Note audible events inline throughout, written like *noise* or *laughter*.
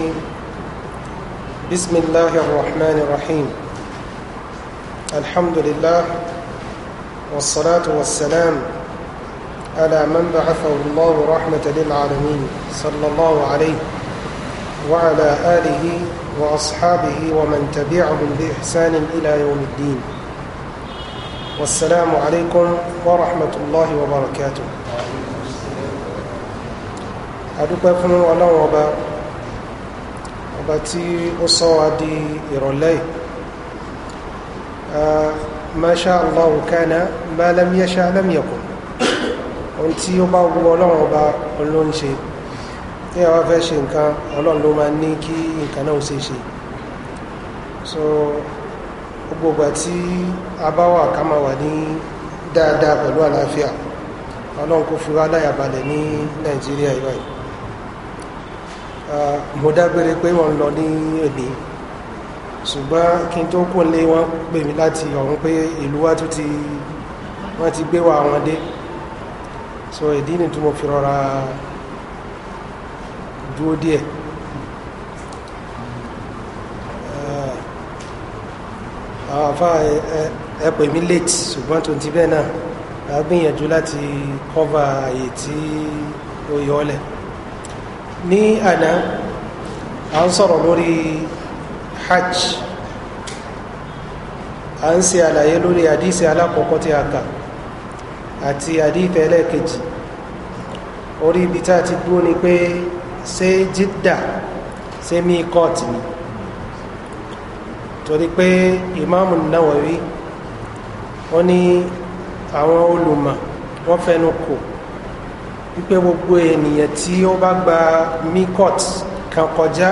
الرجيم بسم الله الرحمن الرحيم الحمد لله والصلاة والسلام على من بعثه الله رحمة للعالمين صلى الله عليه وعلى آله وأصحابه ومن تبعهم بإحسان إلى يوم الدين والسلام عليكم ورحمة الله وبركاته أدوكم الله وبركاته ọba tí ó sọ wa di ìrọ̀lẹ́ masha allah kana malam yasha lam yakun ohun tí ó bá wù ọlọ́run ọba ọlọ́run ṣe ní àwọn afẹ́ ṣe nǹkan ọlọ́run ló máa ní kí nǹkan náà ṣe ṣe so gbogbo àti abáwà ká máa wà ní dáadáa pẹ̀lú àlàáfíà ọlọ́run kò fi láyàbalẹ̀ ní nàìjíríà ìwáyìí mo dágbére pé wọ́n lọ ní èdè ṣùgbọ́n kí n tó kó lé wọ́n pè mí láti ọ̀hún pé ìlú wa tún ti wọ́n ti gbé wa wọn dé so ìdí ni tí mo fi rọra dúró díẹ̀ àwọn ẹ pè mí late ṣùgbọ́n tó ti bẹ́ẹ̀ náà a gbìyànjú láti cover àyè tí ó yọ ọ́ lẹ̀ ní àná à ń sọ̀rọ̀ lórí hajj à ń se àlàyé lórí àdísì alákọ̀ọ́kọ́ tí a kà àti àdífì ẹlẹ́ẹ̀kejì orí ibi tá a ti dúró ni pé ṣé jídà ṣé mí kọ́ọ̀tì ni torí pé ìmáàmù náwọ̀ rí wọ́n ní àwọn olùmọ̀ wọ́n fẹnu kò wípé gbogbo ènìyàn tí ó bá gba mikot kan kọjá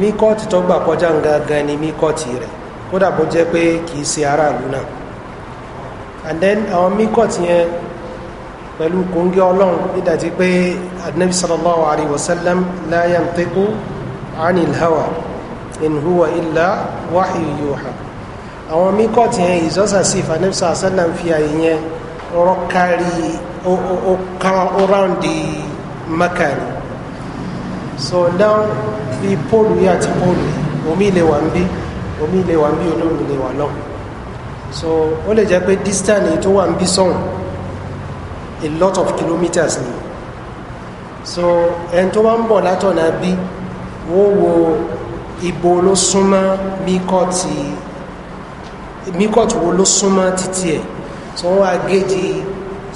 mikot tó gbà kọjá gangan ni mikot rẹ̀ kódà bó jẹ́ pé kì í ṣe aráàlú náà and then àwọn mikot yẹn pẹ̀lú kòńgẹ́ ọlọ́run nídàtí pé adnabi sallallahu alaihi wasallam láyàn tẹ́kù anil hawa in huwa illa wahyu yuha àwọn mikot yẹn is just as if fi àyè yẹn rọ́kárí o kan around the maka ni so now bí póòlù yìí àti póòlù yìí omi ilẹ̀ wà ń bí omi ilẹ̀ wà ń bí olómi ilẹ̀ wà lọ́hùn so ó lè jẹ́ pé distance tó wà ń bí sọ́hùn a lot of kilometers ni so ẹni tó bá ń bọ̀ látọ̀nà bí wọ́n wo ibo ló súnmọ́ míkọ́ọ̀tì míkọ́ọ̀tì wo ló súnmọ́ títí ẹ̀ so wọ́n á géèjì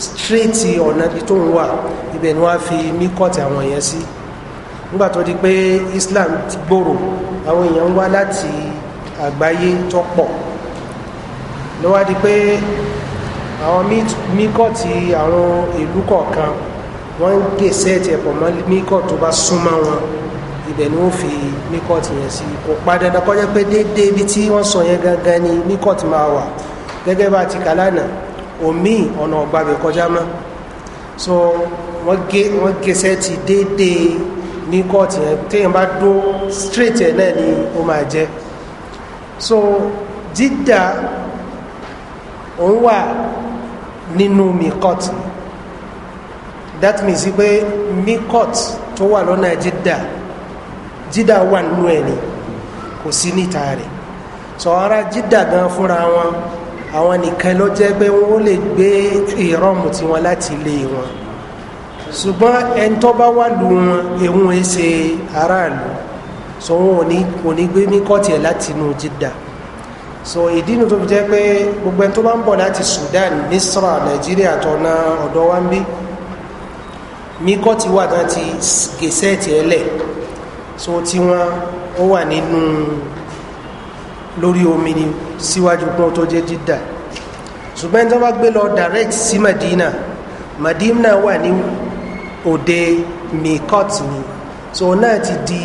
straight ọ̀nà ibi tó ń wà ibẹ̀ ni wọ́n á fi mí àwọn èèyàn sí nígbà tó di pé islam ti gbòòrò àwọn èèyàn ń wá láti àgbáyé tó pọ̀ ló wá di pé àwọn míkọ̀tì àwọn ìlú kọ̀ọ̀kan wọ́n ń gèsè ẹ̀tẹ̀ pọ̀ mọ́ míkọ̀tì tó bá súnmọ́ wọn ibẹ̀ ni wọ́n fi míkọ̀tì yẹn sí kò pa dandan pé déédéé ibi tí wọ́n sọ yẹn gangan ni míkọ̀tì máa wà gẹ́gẹ́ bá ti kà lánàá omi ọ̀nà ọ̀gbàbẹ̀ kọjá mọ́ so wọ́n gé wọ́n gẹ́sẹ́ ti déédéé ní kọ́ọ̀tì yẹn téèyàn bá dó straight ẹ̀ náà ni ó máa jẹ́ so dídà òun wà nínú mikot that means pé mikot tó wà lọ́nà dídà dídà wà nínú ẹ̀ ni kò sí níta rẹ̀ sọ ara dídà gan fúnra wọn àwọn nìkan ló jẹ́ pé wọ́n lè gbé ìrọ́mù tiwọn láti ilé wọn ṣùgbọ́n ẹni tó bá wà lù wọn ehun ẹsẹ̀ aráàlú so wọn ò ní gbé ní kọ́ọ̀tì ẹ̀ láti inú jìdá so ìdí inú tó fi jẹ́ pé gbogbo ẹni tó bá ń bọ̀ láti sudan misra nàìjíríà tọ́nà ọ̀dọ́ wa ń bí ní kọ́ọ̀tì wà náà ti gẹ̀ẹ́sẹ̀ tiẹ̀ so tiwọn ó wà nínú lórí omi ni síwájú pọ́n tó jẹ́ dídà ṣùgbọ́n tí bá gbé lọ direct sí madina madina wà ní òde mikot ni so náà ti di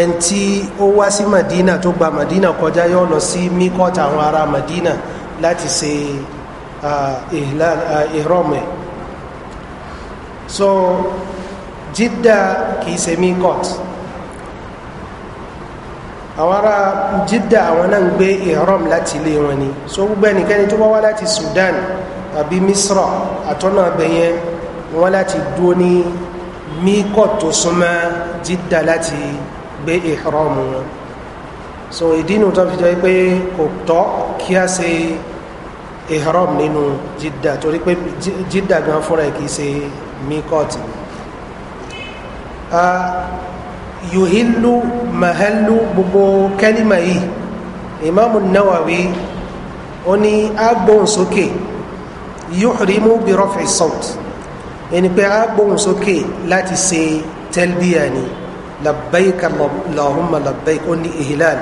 ẹni tí ó wá sí madina tó gba madina kọjá yóò lọ sí mikot àwọn ará madina láti ṣe ìrọ̀mẹ̀ so dídà kìí ṣe mikot àwọn ará jídà àwọn náà ń gbé ìrọ́m láti ilé wọn ni so gbogbo ẹnikẹ́ni tó bá wá láti sudan àbí misra àtọ́nà abẹ́yẹn wọn láti dúó ní míkọ̀ tó súnmọ́ jídà láti gbé ìrọ́m wọn so ìdínú tó fi jẹ́ pé kò tọ́ kí a ṣe ìrọ́m nínú jídà torí pé jídà gan fúnra kì í ṣe míkọ̀ tì ní yuhilu mahalu gbogbo kẹ́límà yìí imaamu nawawi ó ní agbóhùnsókè yuhrimu birofi salt ẹni pé agbóhùnsókè láti ṣe tẹ́lbíyà ni labbaika lahumma labbaika ó ní ihlal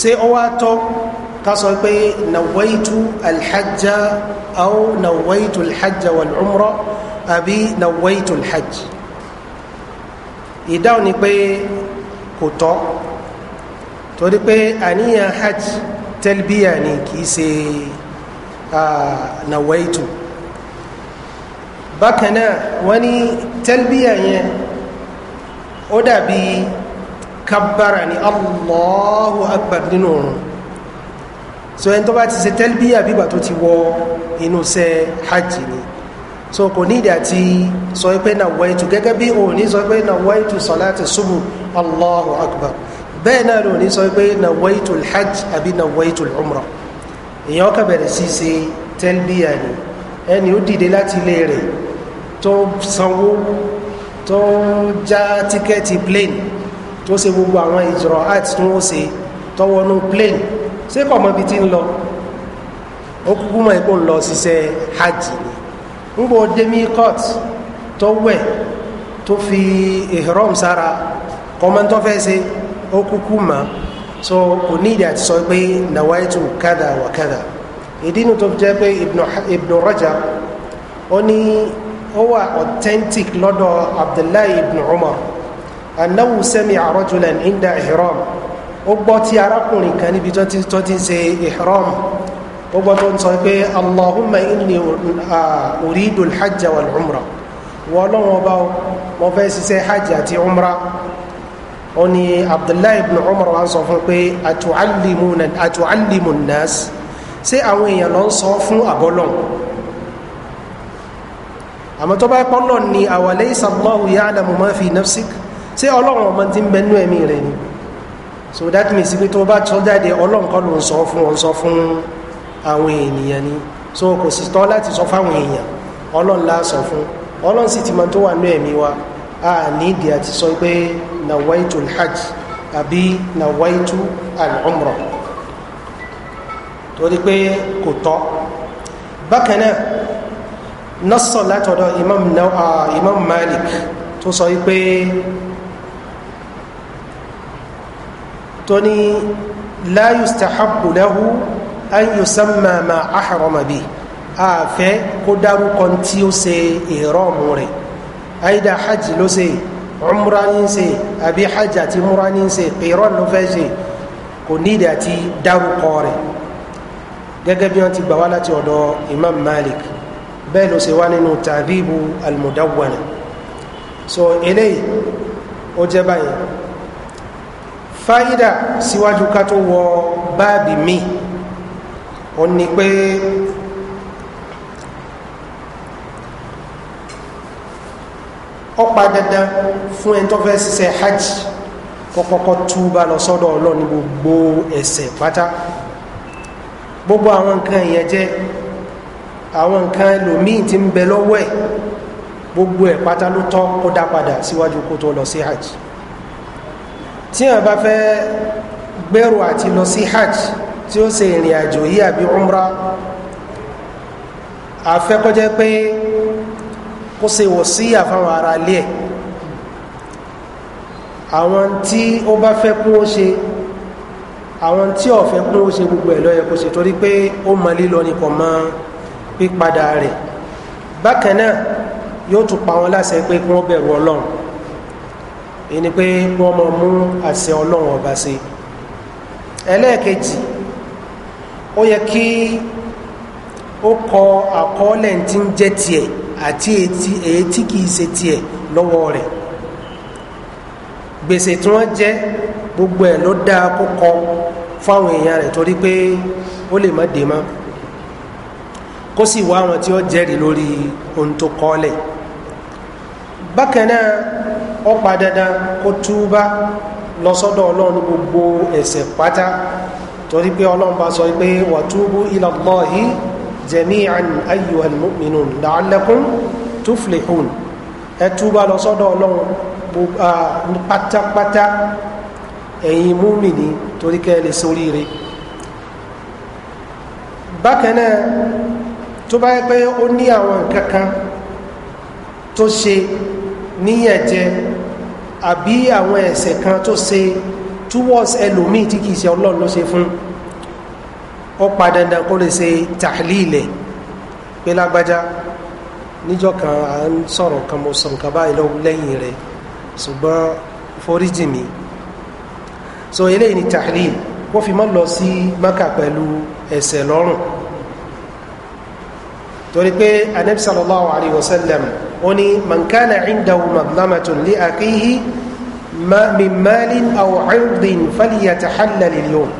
ṣé ó wá tọ́ ká nawaitu alhajja aw nawaitu alhajja wal umra àbí nawaitul hajj ìdáhùn ni pé kò tọ́ torí pé àníyàn hajj tẹ́lbíyà ni kìí ṣe nawaitu bákan náà wọ́n ní tẹ́lbíyà yẹn ó dàbí kabbara ni allahu akbar nínú òrùn so ẹni tó bá ti ṣe tẹ́lbíyà bígbà tó ti wọ inú sẹ́ hajj ni so kò ní ìdí àti sọ pé nàwáìtù gẹ́gẹ́ bí òun ní sọ pé nàwáìtù sọ̀láàtì ṣubú allahu akbar bẹ́ẹ̀ náà lòun ní sọ pé nàwáìtù hajj àbí nàwáìtù umrah èèyàn kà bẹ̀rẹ̀ sí ṣe tẹ́lbíyà ni ẹni ó dìde láti ilé rẹ̀ tó sanwó tó já tíkẹ́ẹ̀tì plane tó ṣe gbogbo àwọn ìjọrọ̀ art tó ń ṣe tọwọ́nú plane ṣé kọ̀mọ́bi ti ń lọ ó kúkú mọ̀ ẹ́ kó ńgbò demi court tó wẹ̀ tó fi ihrom sára kọ́mọ́ntọ́ fẹ́ ṣe ó kúkú mọ́ so kò ní ìdí àti sọ pé nawaitu kada wa kada ìdí inú tó jẹ́ pé ibnu rajab ó ní ó wà authentic lọ́dọ̀ abdullahi ibn umar annahu sami arajulan inda ihrom ó gbọ́ tí arákùnrin kan níbi tó ti ṣe ihrom gbogbo tó ń sọ pé allahumma inni uridul hajj wal umra wọ́n lọ́wọ́ bá wọn fẹ́ ṣiṣẹ́ hajj àti umra ó ní abdullahi ibn umar wa ń sọ fún pé atuallimun nas ṣé àwọn èèyàn lọ sọ fún àbọ́lọ́n àmọ́ tó bá pọ́lọ́ ni àwàlẹ́ ìsàlọ́hù yá àdàmù máa fi nafsik ṣé ọlọ́run ọmọ ti ń bẹnú ẹ̀mí rẹ̀ ni so that means pé tó bá tọ́ ọlọ́run kọ́ ń sọ fún ọ sọ fún àwọn ènìyàn ni so kò sì tọ́ láti sọ fáwọn èèyàn ọlọ́run la sọ fún ọlọ́run sì ti mọ tó wà ní ẹ̀mí wa a nídìí àti sọ pé nawaitu alhajj àbí nawaitu al'umra torí pé kò tọ́ bákan náà nọ́sọ̀ látọ̀dọ̀ imam, uh, imam malik tó sọ pé tó ní láyùs tàhábù lẹ́hùn anyu sama ma aharoma bi àfẹ́ kó dárúkọ tí ó ṣe ìrọ́ọ̀mù rẹ̀ aida hajj ló ṣe umra ní ṣe àbí hajj àti umra ní ṣe ìrọ́ ló fẹ́ ṣe kò nídìí àti dárúkọ rẹ̀ gẹ́gẹ́ bí wọ́n ti gbà wá láti ọ̀dọ̀ imam malik bẹ́ẹ̀ ló ṣe wá nínú tàbíbu almudawana so eléyìí ó jẹ́ báyìí fáyidà síwájú ká tó wọ báàbì míì ó ní pé dandan fún ẹni tó fẹ́ ṣiṣẹ́ hajj kọ́kọ́kọ́ túbà lọ sọ́dọ̀ ní gbogbo awọn pátá gbogbo àwọn nǹkan ìyẹn jẹ́ àwọn nǹkan ẹlòmíì tí ń bẹ lọ́wọ́ ẹ̀ gbogbo ẹ̀ pátá ló tọ́ kó dá kó tó lọ sí hajj tí wọn bá fẹ́ lọ sí hajj tí ó ṣe ìrìn àjò yìí àbí umra afẹ́kọ́jẹ́ pé kó ṣe wọ̀ sí àfáwọn ara ilé ẹ̀ àwọn tí ó bá fẹ́ kún ó ṣe àwọn tí ó kún ó ṣe gbogbo ẹ̀ lọ́yẹ kó ṣe torí pé ó mọ lílọ ni kò mọ pípadà rẹ̀ bákan náà yóò tún pa wọn láṣẹ pé kí wọ́n bẹ̀rù ọlọ́run èyí ni pé wọ́n mọ mú àṣẹ ọlọ́run ọba ṣe ẹlẹ́ẹ̀kejì ó yẹ kí ó kọ àkọọ́lẹ̀ tí ń jẹ́ tiẹ̀ àti èyí tí kìí ṣe tiẹ̀ lọ́wọ́ rẹ̀ gbèsè tí wọ́n jẹ́ gbogbo ẹ̀ ló dáa kó kọ fáwọn èèyàn rẹ̀ torí pé ó lè má dè mọ́ kó sì wá àwọn tí ó jẹ́rìí lórí ohun tó kọ́lẹ̀ bákan náà ó gbogbo pátá torí pé ọlọ́run bá sọ pé wàtúbú ilàlọ́hì jẹ̀míàn ayyuhalmọ́mìnú làálẹ́kún túflẹ̀hún ẹtúbà lọ sọ́dọ̀ ọlọ́run pátápátá ẹ̀yin múmìnì torí kẹ́ lè sóríire bákan náà tó bá yẹ pé ó ní àwọn nǹkan tó ṣe níyẹ̀jẹ àbí àwọn ẹ̀sẹ̀ kan tó ṣe towards ẹlòmíì tí kìí ṣe ọlọ́run ló ṣe fún ọ pa dandan kó lè ṣe tàhlílẹ̀ pé lágbájá níjọ́ kan à ń sọ̀rọ̀ kan mo sọ nǹkan báyìí lọ́wọ́ lẹ́yìn rẹ̀ ṣùgbọ́n foríjì mi so eléyìí ni tàhlílẹ̀ wọ́n fi mọ́ lọ sí maka pẹ̀lú ẹ̀sẹ̀ lọ́rùn torí pé anabi sallallahu alayhi wa sallam ó ní mankana indahu madlamatun li akihi min malin aw irdin falyatahallal al-yawm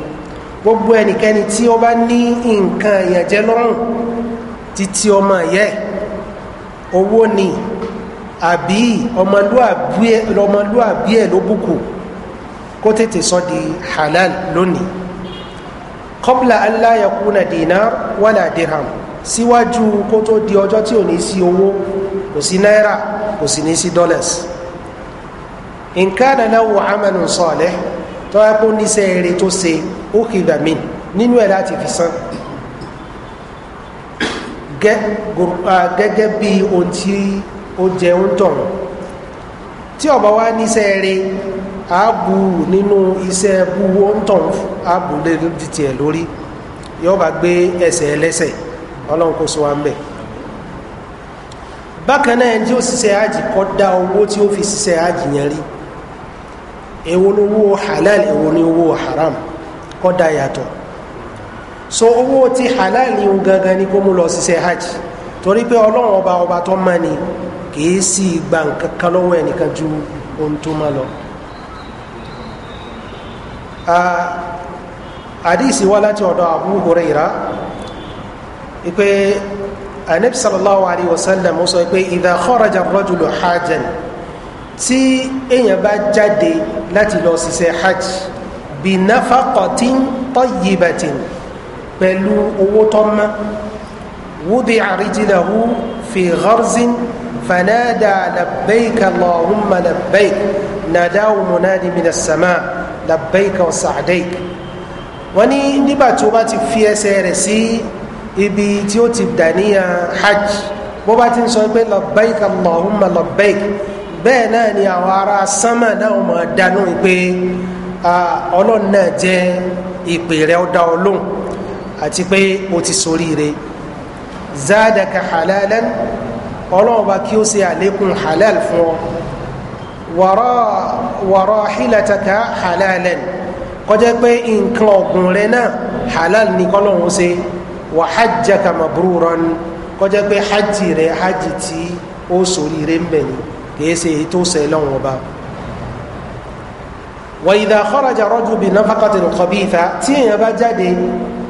gbogbo ẹnikẹ́ni tí ó bá ní nǹkan ìyànjẹ́ lọ́rùn títí ọmọ yẹ owó ni àbí ọmọlúàbí ẹ̀ ló bùkù kó tètè sọ di halal lónìí kọ́bla aláyẹ̀kúnà dènà wàlà dirham síwájú kó tó di ọjọ́ tí ò ní sí owó kò sí náírà kò sí ní sí dollars nǹkan náwó amẹ́nu sọ̀lẹ́ tó yẹ kó níṣẹ́ eré tó ṣe ó kì í dàmí nínú ẹ̀ fi san gẹ́gẹ́ bí ohun tí ó jẹ ń tọ̀rọ̀ tí ọba wa níṣẹ́ eré ààbù nínú iṣẹ́ búwo ń tọ̀rọ̀ ààbù lè tiẹ̀ lórí yóò bá gbé ẹsẹ̀ ẹlẹ́sẹ̀ ọlọ́run kó so wa ń bẹ̀ bákan náà ẹni tí ó ṣiṣẹ́ àjì da owó tí ó fi ṣiṣẹ́ àjì yẹn rí èwo ni owó halal èwo ni owó haram kọ́ da yàtọ̀ so owó ti halal ni gangan ni kó mú lọ ṣiṣẹ́ hajj torí pé ọlọ́run ọba ọba tó mọ́ ni kìí sí gba nǹkan kan lọ́wọ́ ẹnìkan ju ohun tó mọ́ lọ. àdìsí wá láti ọ̀dọ̀ abu huraira pé anabi sallallahu alayhi wa sallam sọ pé ìdá kọ́rajà rọ́jùlọ hajjan tí èèyàn bá jáde láti lọ ṣiṣẹ́ hajj bí náfàkọ̀tì tọ́yìbàtì pẹ̀lú owó tọ́mọ́ wúdi àríjìláhu fi gharzin fanada labbaika allahumma labbaik nadahu munadi minas sama labbaika wa sa'daik wọ́n ní nígbà tí ó bá ti fi ẹsẹ̀ rẹ̀ sí ibi tí ó ti dàníyàn hajj bó bá ti ń sọ pé labbaik allahumma labbaik bẹ́ẹ̀ náà ni àwọn ará sánmà náà mọ̀ dánú pé ọlọ́run náà jẹ́ ìpè rẹ̀ ó dá ọ lóhùn àti pé o ti soríire zádàkà halalan ọlọ́run bá kí ó ṣe àlékún halal fún ọ wọ̀rọ̀ hílàtàkà halalan kọjá pé nǹkan ọ̀gùn rẹ náà halal ní kọ́lọ́run ṣe wà hajjaka mabruran kọjá pé hajji rẹ hajji tí ó soríire ń bẹ̀ ni kìí ṣe èyí tó ṣe lọ́wọ́n ọba wọ́n ìdá kọ́rajà rọ́jù bíi náfàkàtì nǹkan bíi ìta tí èèyàn bá jáde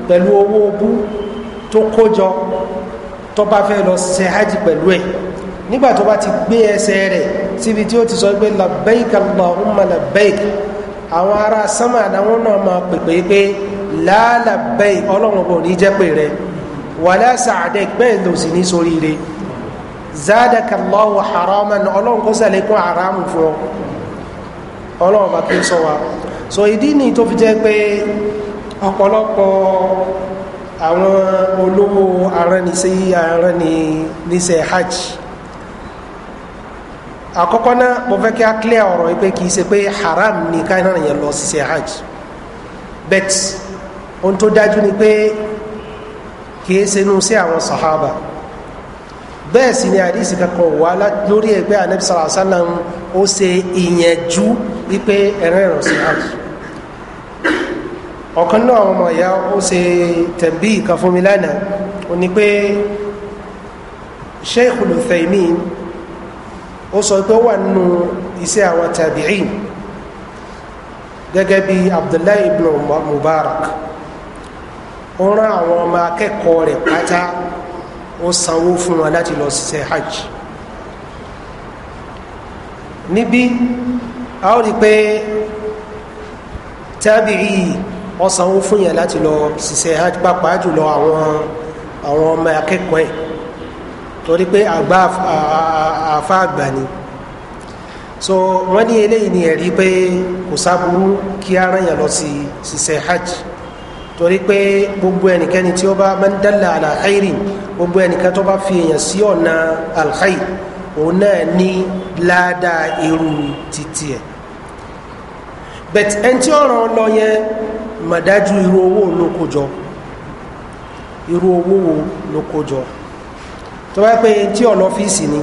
pẹ̀lú owó ogú tó kójọ tó bá fẹ́ lọ ṣe hajj pẹ̀lú ẹ̀ nígbà tó bá ti gbé ẹsẹ̀ rẹ̀ síbi tí ó ti sọ pé labẹ́ìkà lọ́hùnmá labẹ́ìkà àwọn ará sánmà àdáwọn náà máa pèpè pé láàlàbẹ́ì ọlọ́run kò ní jẹ́ pé rẹ̀ wàlẹ́ sàádẹ́ bẹ́ẹ̀ lòsì ní sóríire. zádàkà lọ́wọ́ àrọ́mà ní ọlọ́run kó haramu àrámù fún ọ wa so ìdí ni tó fi jẹ́ pé ọ̀pọ̀lọpọ̀ àwọn olówó aránisí aránisẹ́ hajj àkọ́kọ́ náà mo fẹ́ kí a clear ọ̀rọ̀ yìí pé kì í haram ni káyọ̀ yẹn lọ sí ṣe hajj bet ohun tó dájú ni pé kì í ṣe inú sí sahaba. bẹ́ẹ̀ sì ni àdìsí kankan wà lórí ẹgbẹ́ anabi sàlá sàlám ó ṣe ìyẹnjú wípé ẹ̀rẹ́ ẹ̀rọ sí àjù ọ̀kan náà àwọn ọmọ ìyá ó ṣe tẹ̀m̀bí ìkan fún mi lánàá ó ní pé sheikh olùfẹ̀mí ó sọ pé ó wà nínú iṣẹ́ àwọn tàbíì gẹ́gẹ́ bí abdullahi ibn mubarak ó rán àwọn ọmọ akẹ́kọ̀ọ́ rẹ̀ pátá ó sanwó fún wọn láti lọ ṣiṣẹ́ hajj níbí a ó rí pé tábìrì ó sanwó fún yẹn láti lọ ṣiṣẹ́ hajj pàápàá jùlọ àwọn àwọn ọmọ akẹ́kọ̀ọ́ ẹ̀ torí pé àgbà àfa àgbà ni so wọ́n ní eléyìí ni ẹ̀rí pé kò sábúrú kí á rán lọ sí hajj torí pé gbogbo ẹnikẹ́ni tí ó bá mandala alaxayiri gbogbo ẹnikẹ́ni tó bá fi èèyàn sí ọ̀nà alxayi òun náà ní ládàá irú títí ẹ̀ bẹ̀t ẹni tí ọ̀ràn ọlọ yẹn màdájú irú owó ló kó jọ irú owó wo ló kó jọ tó bá pé tí ọ̀nà ọ́fíìsì ni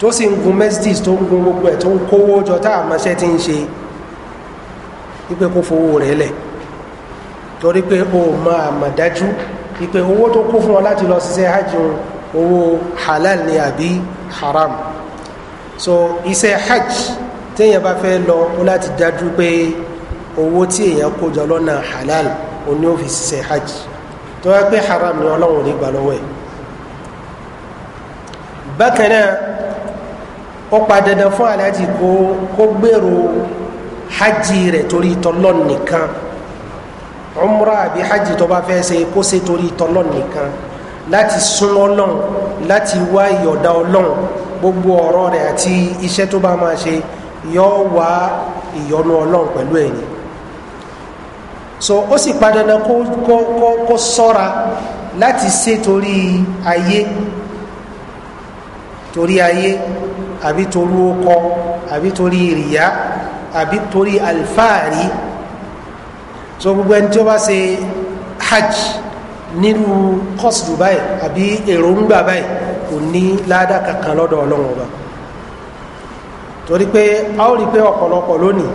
tó sì ń gun mercedes tó ń gun gbogbo ẹ̀ tó ń kówó jọ tá àmọ́ṣẹ́ ti ń ṣe wípé kó fowó rẹ̀ lẹ̀ torí pé o máa mà dájú ìpè owó tó kó fún ọ láti lọ ṣiṣẹ́ hajj owó halal ni àbí haram so iṣẹ́ hajj téèyàn bá fẹ́ lọ ó láti dájú pé owó tí èèyàn kó jọ lọ́nà halal ó ní ó fi ṣiṣẹ́ hajj tó yẹ pé haram ni ọlọ́run ò ní gbà lọ́wọ́ ẹ̀ bákan náà ó pa dandan fún aláàjì kó gbèrò hajj rẹ̀ torí tọ́lọ́ nìkan Umra àbí hajj tó bá fẹ́ ṣe kó ṣe torí tọ́lọ́ nìkan láti súnmọ́ ọlọ́run láti wá ìyọ̀dá ọlọ́run gbogbo ọ̀rọ̀ rẹ̀ àti iṣẹ́ tó bá máa ṣe yọ wá ìyọnu ọlọ́run pẹ̀lú ẹ̀yìn so ó sì padà náà kó kó kó kó sọ́ra láti ṣe torí ayé torí ayé àbí torí okọ àbí torí ìrìyà àbí torí àlfààrí so gbogbo ẹni tí ó bá ṣe hajj nínú kọ́sìdù báyìí àbí èròǹgbà báyìí kò ní ládàá kankan lọ́dọ̀ ọlọ́run ọba torí pé a ó rí pé ọ̀pọ̀lọpọ̀ lónìí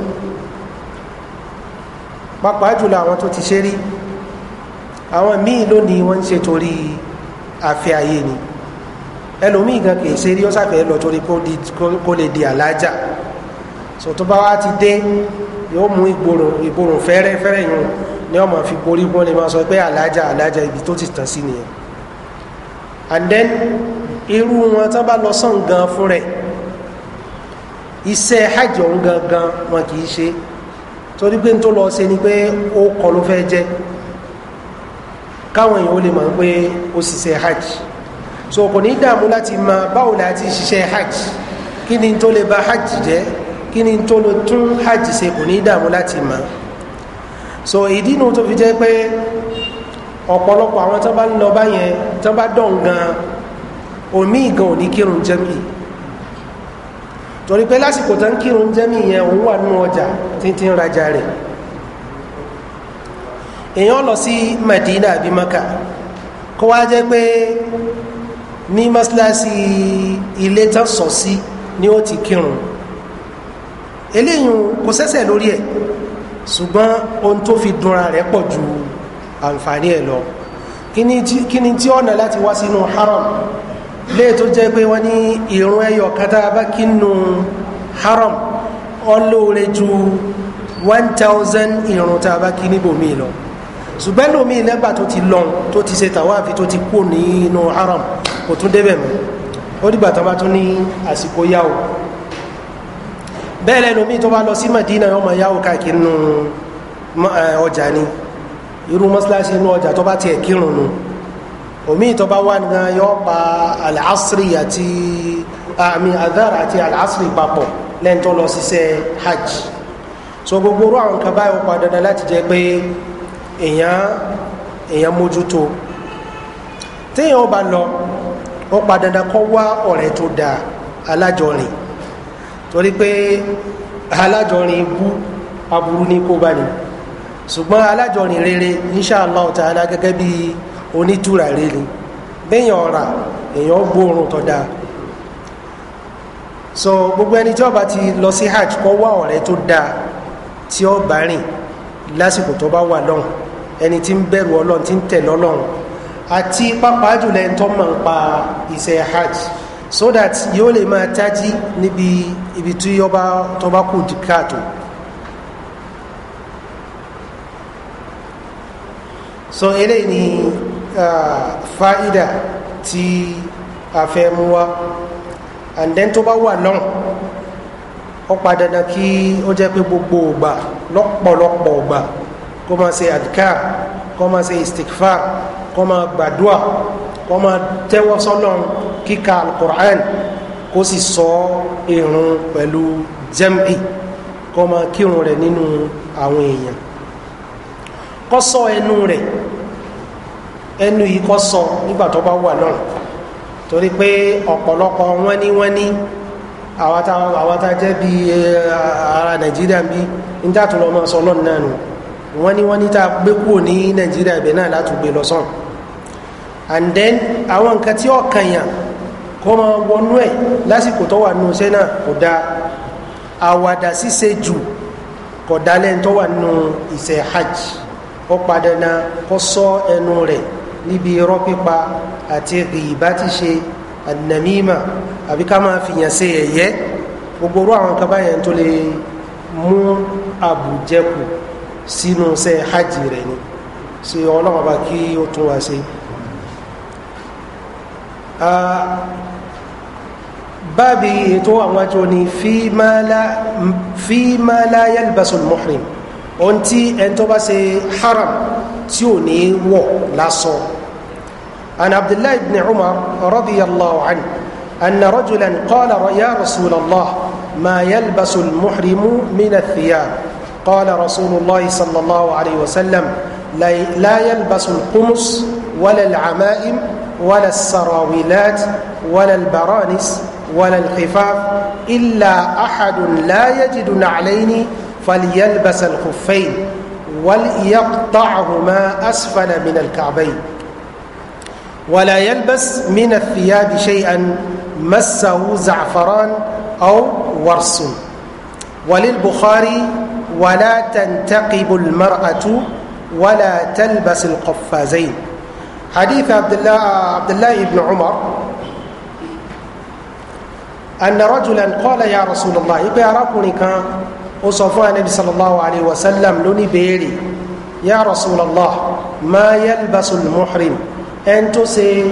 pàápàá jùlọ àwọn tó ti ṣe rí àwọn míì lónìí wọ́n ń ṣe torí àfẹ́ ayé ni ẹlòmíì gan kì í ṣe rí ó sàfẹ́ lọ torí kó lè di àlájà so tó bá wá ti dé yóò mú ìgbòrùn ìgbòrùn fẹ́rẹ́ fẹ́rẹ́ yìí ni ọmọ fi borí wọn lè máa sọ pé alájà alájà ibi tó ti tàn sí nìyẹn and then irú wọn tán bá lọ sàn gan fún rẹ iṣẹ́ hajj ọ̀hún gangan wọn kì í ṣe torí pé n tó lọ ṣe ni pé ó kọ ló fẹ́ jẹ́ káwọn èèyàn ó lè mọ̀ pé ó ṣiṣẹ́ hajj so kò ní dààmú láti mọ báwo la ti ṣiṣẹ́ hajj kí ni tó lè ba hajj jẹ́ kí ni tó lọ tún hajj ṣe kò ní dààmú láti mọ̀ so ìdí inú tó fi jẹ́ pé ọ̀pọ̀lọpọ̀ àwọn tó bá ń lọ báyẹn tó bá dọ̀n gan omi ìgan ò ní kírun jẹ́mì torí pé lásìkò tó ń kírun jẹ́mì yẹn òun wà nínú ọjà títí ń rajà rẹ̀ èèyàn lọ sí madina àbí maka kó wá jẹ́ pé ní mọ́sálásí ilé tán sọ sí ni ó ti kírun eléyìí kò sẹ́sẹ̀ lórí ẹ̀ ṣùgbọ́n ohun tó fi dunra rẹ̀ pọ̀ ju àǹfààní ẹ̀ lọ kí ni tí ọ̀nà láti wá sínú haram léè tó jẹ́ pé wọ́n ní ìrún ẹyọ kátà bá kí nù haram ọlọ́ọ̀rẹ́ ju one thousand ìrún tá a bá kí níbòmí lọ ṣùgbọ́n lómi lẹ́gbà tó ti lọ tó ti ṣe tàwáàfi tó ti kú nínú haram kò tún débẹ̀ mọ́ ó dìgbà tó bá tún ní àsìkò yá o bẹ́ẹ̀ lẹ́nu mi tó bá lọ sí madina yọ ma yáwó káàkiri nù ọjà ni irú mọ́sálásí inú ọjà tó bá tiẹ̀ kírun nù omi tó bá wà nìkan yọ pa alasiri àti àmì adhar àti alasiri papọ̀ lẹ́yìn tó lọ síṣẹ́ hajj so gbogbo orú àwọn kan báyìí ó pa dandan láti jẹ́ pé èèyàn èèyàn mójútó téèyàn ó bá lọ ó pa dandan kọ́ wá ọ̀rẹ́ tó dáa alájọrin torí pé alájọrin bú aburú ní kó bá ní ṣùgbọ́n alájọrin rere inṣàlá ọ̀tá alá gẹ́gẹ́ bí onítùrà rere bẹ́yàn ọ̀rà èèyàn gbóòórùn tó so gbogbo ẹni tí ọba ti lọ sí hajj kọ́ wá ọ̀rẹ́ tó dáa tí ó bá rìn lásìkò tó bá wà lọ́hùn ẹni tí ń bẹ̀rù ọlọ́run tí ń tẹ̀lé àti pápá jùlọ ẹni tó máa ń pa iṣẹ́ hajj so that yóò lè máa tají níbi ibi tí ọba tọba kù di káàtó so eléyìí ni uh, fáídà tí a fẹ́ mú wá and then tó bá wà náà ó pa dandan kí ó jẹ́ pé gbogbo ògbà lọ́pọ̀lọpọ̀ ògbà kó máa ṣe adkar kó máa ṣe istikfar kó máa gbàdúà kó máa tẹ́wọ́ sọ́lọ́run kíka alukur'an kó sì sọ irun pẹ̀lú jẹ́mì kó máa kírun rẹ̀ nínú àwọn èèyàn kó sọ ẹnu rẹ̀ ẹnu yìí kó sọ nígbà tó bá wà náà torí pé ọ̀pọ̀lọpọ̀ wọ́n ní wọ́n ní àwọn tá a jẹ́ bí ara nàìjíríà bí ní tààtù lọ́mọ sọ lọ́nà náà nù wọ́n ní wọ́n ní tá a gbé kúrò ní nàìjíríà ibẹ̀ náà látùgbé lọ́sàn and then àwọn nǹkan tí ọ̀kan yàn kọ́ máa wọnú ẹ̀ lásìkò tó wà nínú iṣẹ́ náà kò dáa àwàdà ṣíṣe jù kò dáa lẹ́yìn tó wà nínú iṣẹ́ hajj ó padà náà kó sọ ẹnu rẹ̀ níbi irọ́ pípa àti ìbá ti ṣe ànàmímà àbí ká máa fìyàn ṣe ẹ̀yẹ́ gbogbo àwọn kan báyẹn tó lè mú àbùjẹkù sínú iṣẹ́ hajj rẹ̀ ni ṣe ọlọ́mọba kí ó tún wá ṣe. Ah, báàbí ètò àwọn àjọ ni fi ma la yalbasu al-muhrim ohun tí ẹni tó bá ṣe haram tí ò ní wọ̀ lásán an abdullahi ibn umar radiyallahu anhu anna rajulan qala ya rasulallah ma yalbasu al-muhrimu min athiyab qala rasulullah sallallahu alayhi wa sallam la yalbasu al-qumus wala al-amaim wala al ولا الخفاف إلا أحد لا يجد نعلين فليلبس الخفين وليقطعهما أسفل من الكعبين ولا يلبس من الثياب شيئا مسه زعفران أو ورس وللبخاري ولا تنتقب المرأة ولا تلبس القفازين حديث عبد الله عبد الله بن عمر anna rajulan qala ya rasulillah ipe arákùnrin kan ó sọ fún anabi sallallahu alayhi wa sallam lóní béèrè ya rasulallah ma yalbasul muhrim ẹn tó ṣe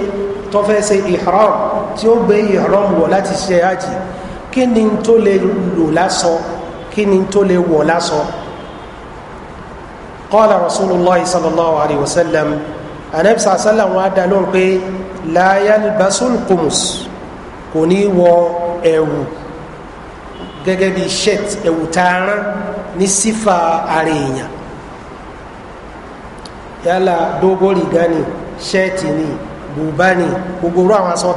tó fẹ́ ṣe ihram tí ó gbé ihram wọ̀ láti ṣe àjì kí ni tó lè lò lásọ kí ni tó lè wọ̀ lásọ. qala rasulillah sallallahu alayhi wa sallam anabi sallallahu alayhi wa sallam wa dá lóhùn pé la yalbasul kò ní wọ ẹ̀wù gẹ́gẹ́ bí shirt ẹ̀wù tààrán ní sífà ara èèyàn yálà dógórì gani ṣẹ́ẹ̀tì ni bùbá ni gbogbo orú àwọn aṣọ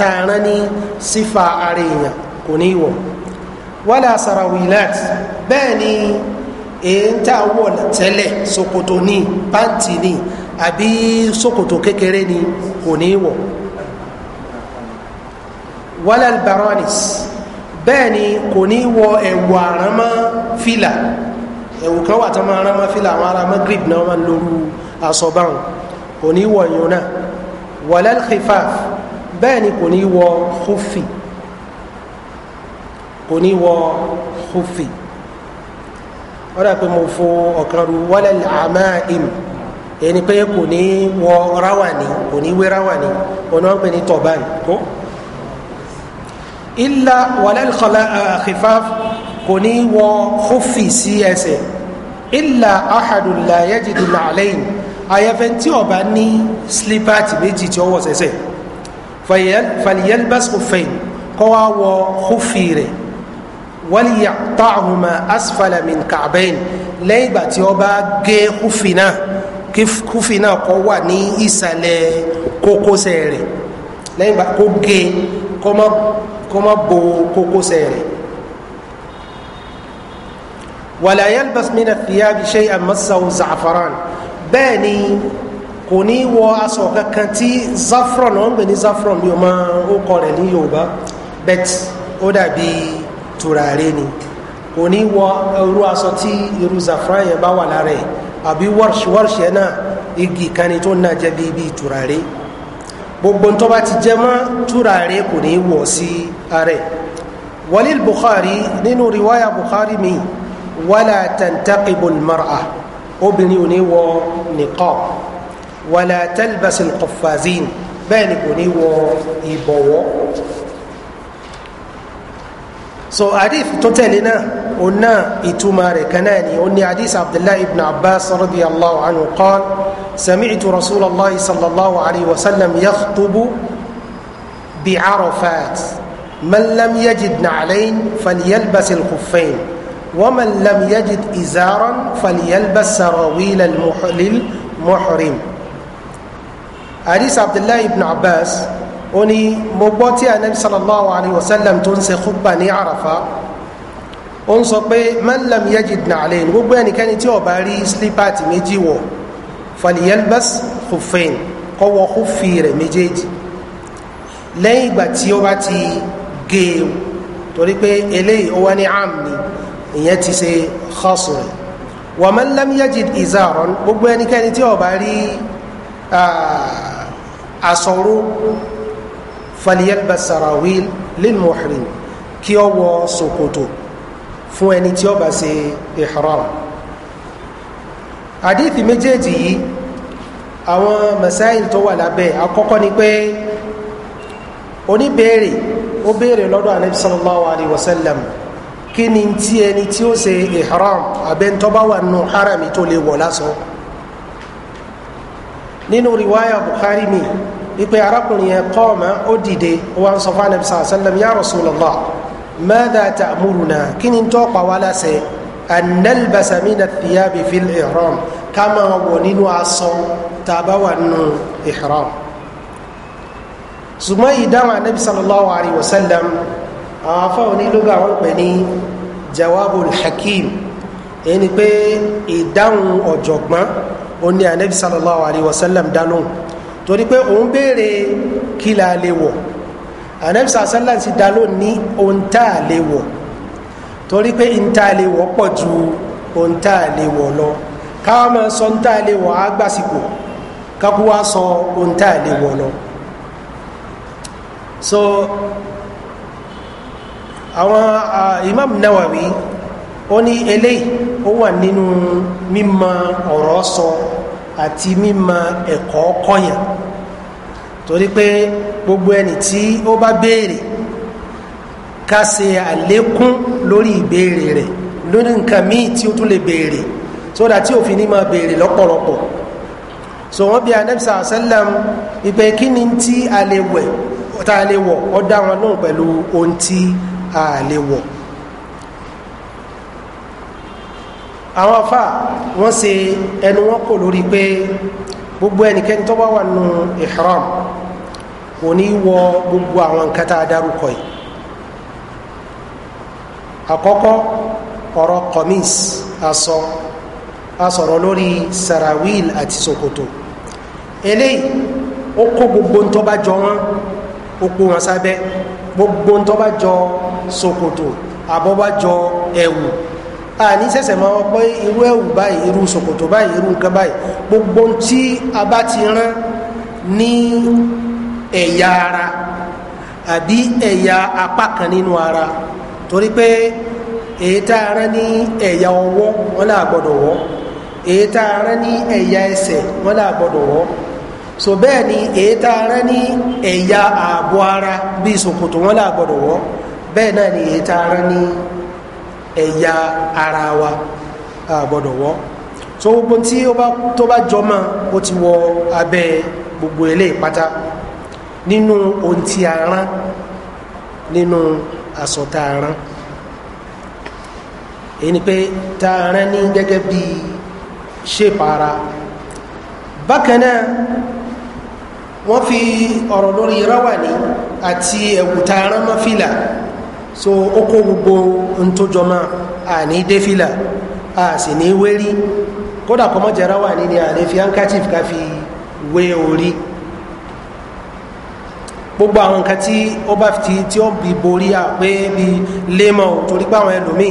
tààrán ní sífà ara kò ní ìwọ̀ wàlà sarawilat bẹ́ẹ̀ ni èyí tá a wọ̀ tẹ́lẹ̀ ṣòkòtò ni pàǹtì àbí ṣòkòtò kékeré ni kò ní ìwọ̀ wàlẹ̀ albaranis bẹ́ẹ̀ ni kò ní wọ ẹ̀wù àránmọ́ fìlà ẹ̀wù kan wà tó máa ránmọ́ fìlà àwọn ará magrib náà máa ń lóru aṣọ báwọn kò ní wọ ìyún náà wàlẹ̀ alkhifaf bẹ́ẹ̀ ni kò ní wọ khufi kò ní wọ khufi wọ́n dà pé mo fo ọ̀kan ru wàlẹ̀ àmáìm ẹni pé kò ní wọ ráwà kò ní wé ráwà ní ọ̀nà ọ̀gbìn ní tọ̀bá ní kó ilà wàlẹ́lẹ́kọ̀lá khifaf kò ní wọ kófì sí ẹsẹ̀ ilà ahadùlá yẹ́jìdùlá àlẹ́yìn àyẹ̀fẹ́ tí ọba ní slipati méjì tí ó wọ̀ sẹ́sẹ̀ fàlìyẹ́lbẹ́sì òfin kọ́ wá wọ kófì rẹ̀ wàlìyà táàhùnmá asfalamin kàbẹ́yìn lẹ́yìn ìgbà tí ọba gé kófì náà kófì náà kọ́ wà ní ìsàlẹ̀ kókósẹ̀ rẹ̀ lẹ́yìn ìgbà kó gé kó má bo kókósẹ̀ rẹ̀ wàlẹ̀ ayélbàs mi náà fìyà bí ṣe àmọ́sàwò zàfàràn bẹ́ẹ̀ ni kò ní wọ aṣọ kankan tí zafron wọ́n ń gbé ní zafron bí o máa ó kọ rẹ̀ ní yorùbá bet ó dàbí tùràrí ni kò ní wọ irú aṣọ tí irú zafran yẹn bá wà lára ẹ̀ àbí wọ́rṣì wọ́rṣì yẹn náà igi kan ni tó ń na jẹ́ bí ibi tùràrí gbogbo tó bá ti jẹ mọ́ túràrí kò ní wọ̀ sí ààrẹ walil bukhari nínú riwaya bukhari mi wala tantaqibul mar'a obìnrin ò ní wọ niqab wala talbasil qafazin bẹ́ẹ̀ ni kò ní wọ so hadith tó tẹ̀lé náà òun náà ìtumọ̀ rẹ̀ kan náà ni ó ní hadith abdullahi ibn abbas radiyallahu anhu qala سمعت رسول الله صلى الله عليه وسلم يخطب بعرفات من لم يجد نعلين فليلبس الخفين ومن لم يجد إزارا فليلبس سراويل المحرم حديث عبد الله بن عباس أني مبوتي النبي صلى الله عليه وسلم تنسي خطبة عرفة أنصبي من لم يجد نعلين وبين كانت تيوباري سليبات ميجي وو faliyalbas hufein kọ́wọ́ hufi rẹ̀ méjèèjì lẹ́yìn ìgbà tí ó bá ti gé e torí pé eléyìí ó wá ní am ni ìyẹn ti ṣe xọ́sù rẹ̀ wọ́n máa ń lam yajid gbogbo ẹnikẹ́ni tí ó rí asọ̀rọ̀ faliyalbas sarawil lil muhrim kí ó wọ sokoto fún ẹni tí ó ṣe ihram àdíìtì méjèèjì yìí àwọn masáìl tó wà lábẹ́ akọ́kọ́ ni pé oníbèrè ó béèrè lọ́dọ̀ anabi sallallahu alayhi wa sallam kí ni tí ẹni tí ó ṣe ihram abẹ́ntọ́bá wà nù haram tó lè wọ̀ lásán nínú riwaya bukhari mi ipe arákùnrin yẹn kọ́ ọ̀mọ́ ó dìde ó wá ń sọ fún anabi sallallahu alayhi wa sallam yà rasulallah mẹ́ta ta múrùnà kí ni tó lásẹ̀ẹ́ annalbasamina thiyabi fil ihram ká máa wọ̀ nínú aṣọ tá a bá wà nínú ihram ṣùgbọ́n ìdáhùn anabi sallallahu alayhi wa sallam àwọn afọ onílógún àwọn pè ní jawabul hakim èyí ni pé ìdáhùn ọ̀jọ̀gbọ́n ó ní anabi sallallahu alayhi wa sallam dánú torí pé òun béèrè kí la anabi sallallahu alayhi wa sallam sì dánú ohun tá a torí pé ìta lè wọ́ pọ̀ ju ohun tá a lè wọ̀ lọ káwa máa sọ ohun tá a lè wọ̀ sọ ohun tá lọ. so àwọn imam nawawi ó ní eléyìí ó wà nínú mímọ ọ̀rọ̀ sọ àti mímọ ẹ̀kọ́ kọ́yàn torí pé gbogbo ẹni tí ó bá béèrè ká ṣe àlékún lórí ìbéèrè rẹ̀ lórí nǹkan míì tí ó tún lè béèrè so that tí òfin ní máa béèrè lọ́pọ̀lọpọ̀ so wọ́n bí anabisa asálàm ìpè kí ni tí a lè wẹ̀ tá a lè wọ̀ ọ́ dá wọn lóhùn pẹ̀lú ohun tí a lè wọ̀. àwọn afa wọ́n ṣe ẹnu wọn kò lórí pé gbogbo ẹnikẹ́ni tó bá wà nù ihram kò ní wọ gbogbo àwọn nǹkan tá a dárúkọ yìí àkọ́kọ́ ọ̀rọ̀ kọ̀mís asọ asọ̀rọ̀ lórí sarawil àti sokoto eléyìí ó kó gbogbo ń tọ́ba jọ wọn ó kó wọn sábẹ́ gbogbo ń jọ sokoto àbọ̀bájọ ẹ̀wù àní sẹ̀sẹ̀ máa wọ́n pé irú ẹ̀wù báyìí irú sokoto báyìí irú nǹkan báyìí gbogbo tí a bá ti rán ní ẹ̀yà ara àbí ẹ̀yà apá kan nínú ara torí pé èyí tá a rán ní ẹ̀yà ọwọ́ wọn là gbọ́dọ̀ wọ́ èyí tá a rán ní ẹ̀yà ẹsẹ̀ wọn là gbọ́dọ̀ wọ́ so bẹ́ẹ̀ ni èyí tá a ní ẹ̀yà ààbò ara bíi ṣòkòtò wọn là gbọ́dọ̀ wọ́ bẹ́ẹ̀ náà ni èyí tá a ní ẹ̀yà ara wa àgbọ̀dọ̀ wọ́ so gbogbo tí tó bá jọmọ́ ó ti wọ abẹ́ gbogbo ilé ìpátá nínú ohun tí a rán nínú aṣọ tá a rán èyí ni pé tá a rán ní gẹ́gẹ́ bí ṣèpà ara bákan wọ́n fi ọ̀rọ̀ lórí ráwàní àti ẹ̀wù tá a mọ́ fìlà so ó kó gbogbo ohun tó jọmọ́ àní dé fìlà a sì ní wérí kódà kọ́mọ́jẹ́ ráwàní ni àní fi handkerchief ká fi wé orí gbogbo àwọn nǹkan tí ó bá ti tí ó bi borí à pé bi lémọ̀ torí pé àwọn ẹlòmíì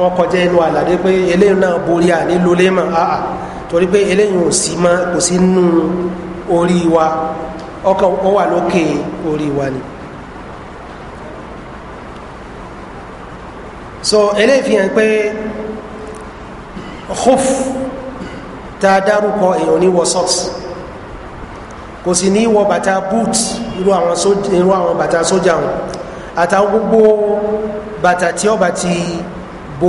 wọn kọjá ẹnu àlàdé pé eléyìí náà borí à nílò lémọ̀ àà torí pé eléyìí ò sí mọ́ kò sí nú orí wa ọkọ̀ ó wà lókè orí wa ni. so eléyìí fi hàn pé khuf tá a dárúkọ èèyàn ní wọ kò sì ní wọ bàtà boot irú àwọn irú àwọn bàtà sójà wọn àtàwọn gbogbo bàtà tí ọba ti bo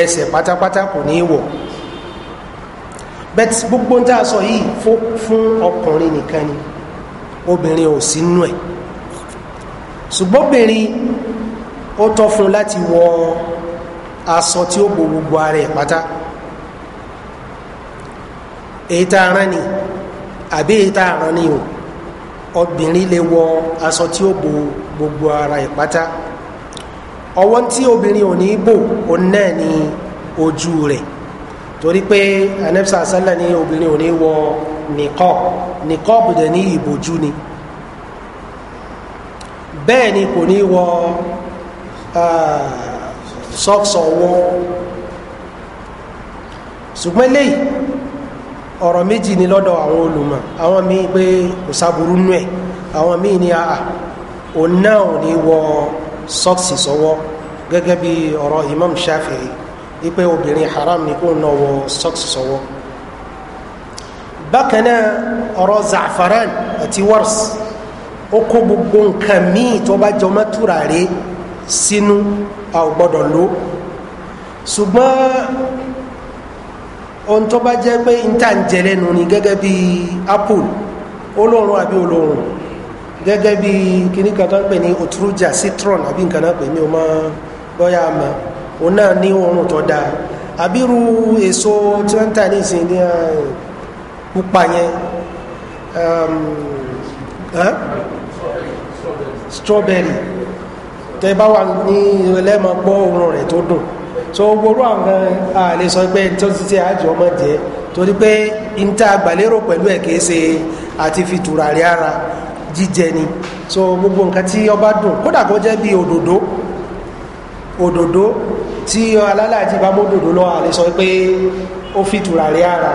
ẹsẹ̀ pátápátá kò ní wọ̀ bẹ́ẹ̀ gbogbo ń tà sọ yìí fún ọkùnrin nìkan ni obìnrin ò sí nú ẹ̀ ṣùgbọ́n obìnrin ó tọ́ fún láti wọ aṣọ tí ó bo gbogbo ara ẹ̀ pátá èyí tá a rán ni àbí ìta àrán ni o obìnrin lè wọ aṣọ tí ó bo gbogbo ara ìpátá ọwọ́ tí obìnrin ò ní bò òun náà ni ojú rẹ̀ torí pé anabisa asálà ni obìnrin ò ní wọ nìkọ́ nìkọ́ bùdẹ̀ ní ìbòjú ni bẹ́ẹ̀ ni kò ní wọ sọ́ọ̀sì ọwọ́ ṣùgbọ́n léyìí ọ̀rọ̀ méjì ni lọ́dọ̀ àwọn olùmọ̀ àwọn míì pé kò sáburú nú ẹ̀ àwọn míì ni àà òun náà ò ní wọ sọ́ọ̀sì sọ́wọ́ gẹ́gẹ́ bí ọ̀rọ̀ imam shafi'i wípé obìnrin haram ni kò náà wọ sọ́ọ̀sì sọ́wọ́ bákan náà ọ̀rọ̀ zaafaran àti wars ó kó gbogbo nǹkan míì tó bá jọ mọ́ tùràrí sínú a gbọ́dọ̀ lò ṣùgbọ́n ohun tó bá jẹ́ pé n tà ń jẹ lẹ́nu ni gẹ́gẹ́ bí apple olóòrùn àbí olóòrùn gẹ́gẹ́ bí kíní kan tó ń pè ní otruja citron àbí nǹkan náà pè mí o mọ lọ́yà àmọ́ òun náà ní oorun tó dáa àbírú èso tí wọ́n ń nísìnyí eh, um, eh? strawberry tẹ bá wà ní ẹlẹ́mọ̀ gbọ́ rẹ̀ tó tó gbogbo àwọn àlè sọ pé tó ti ṣe àjọ ọmọ jẹ torí pé n ta gbàlérò pẹ̀lú ẹ̀ kìí ṣe àti fi tùràrí ara jíjẹ ni so gbogbo nǹkan tí ọba dùn kódà kó jẹ́ bí òdòdó òdòdó tí alálàájì bá mú òdòdó lọ àlè pé ó fi tùràrí ara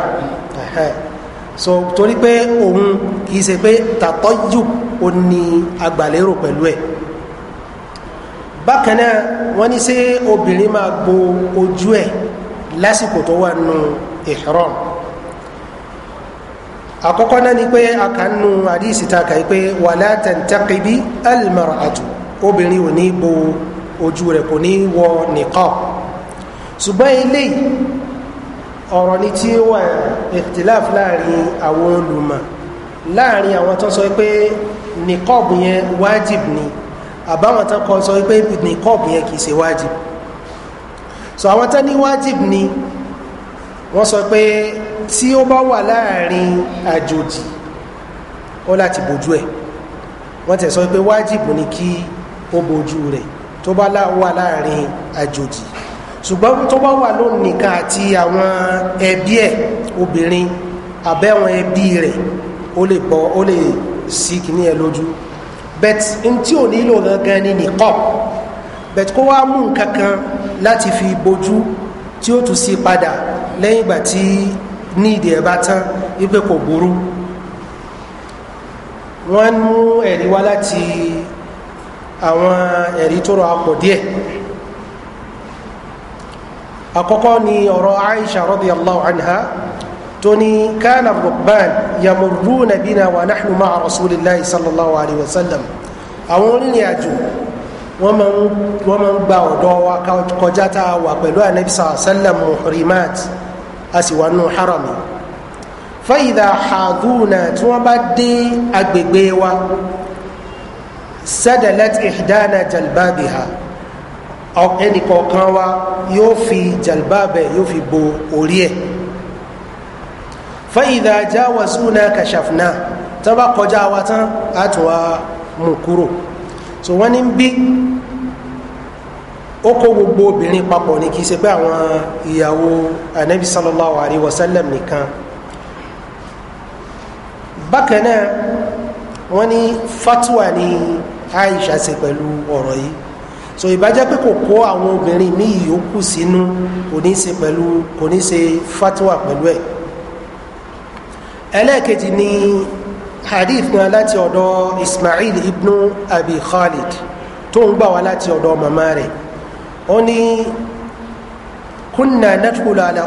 so torí pé òun kìí ṣe pé tàtọ́jú ó ní agbàlérò pẹ̀lú ẹ̀ bákan náà wọ́n ní ṣé obìnrin máa gbo ojú ẹ̀ lásìkò tó wà nù ihram àkọ́kọ́ náà ni pé àkànnù àdìsí ta kàí pé wala tantaqibi al-mar'atu obìnrin ò ní bo ojú rẹ̀ kò ní wọ niqab ṣùgbọ́n eléyìí ọ̀rọ̀ ni tí wà ìtìláf láàrin àwọn olùmọ̀ láàrin àwọn tó sọ pé niqab yẹn wájib ni. Wajibni àbáwọn tán kọ sọ pé ní kọ́ọ̀pù yẹn kì ṣe wájib so àwọn tán ní wájib ni wọ́n sọ pé tí ó bá wà láàrin àjòjì ó láti bójú ẹ̀ wọ́n tẹ̀ sọ pé wájib ni kí ó bójú rẹ̀ tó bá wà láàrin àjòjì ṣùgbọ́n tó bá wà lónìí nìkan àti àwọn ẹbí ẹ̀ obìnrin àbẹ́wọn ẹbí rẹ̀ ó lè bọ́ ó lè sí kìíní ẹ lójú bet n tí ò nílò gangan ni nìkọ́b bet kó wá mú nǹkan kan láti fi bojú tí ó tún sí padà lẹ́yìn ìgbà tí ní ìdí ẹ̀ bá tán wípé kò burú wọ́n mú ẹ̀rí wá láti àwọn ẹ̀rí tó rọ apọ̀ díẹ̀ àkọ́kọ́ ni ọ̀rọ̀ aisha rọ́bì allahu anha توني كان الركبان يمرون بنا ونحن مع رسول الله صلى الله عليه وسلم أولين يأجو ومن ومن باودوا كوجاتا وقبلوا النبي صلى الله عليه وسلم محرمات أسوانو حرمي فإذا حاضونا توبدي أبيبيوا سدلت إحدانا جلبابها أو أني كوكاوا يوفي جلبابه يوفي بو أوليه fẹ́yìdà jáwàsúnà kàṣàfúnà tó bá kọjá wa tán á tún wá mú kúrò so wọ́n ní bí ó kó gbogbo obìnrin papọ̀ ni kì í ṣe pé àwọn ìyàwó anabi sallallahu alayhi wa sallam nìkan bákan náà wọ́n ní fatwa ni aisha ṣe pẹ̀lú ọ̀rọ̀ yìí so ìbájẹ́ pé kò kó àwọn obìnrin míì yòókù sínú kò ní ṣe pẹ̀lú kò ní ṣe fatwa pẹ̀lú ẹ̀. E ẹlẹ́ẹ̀kejì ni hadith náà láti ọ̀dọ̀ ismail ibn abi khalid tó ń gbà wá láti ọ̀dọ̀ màmá rẹ̀ ó ní kunna nadkhulu ala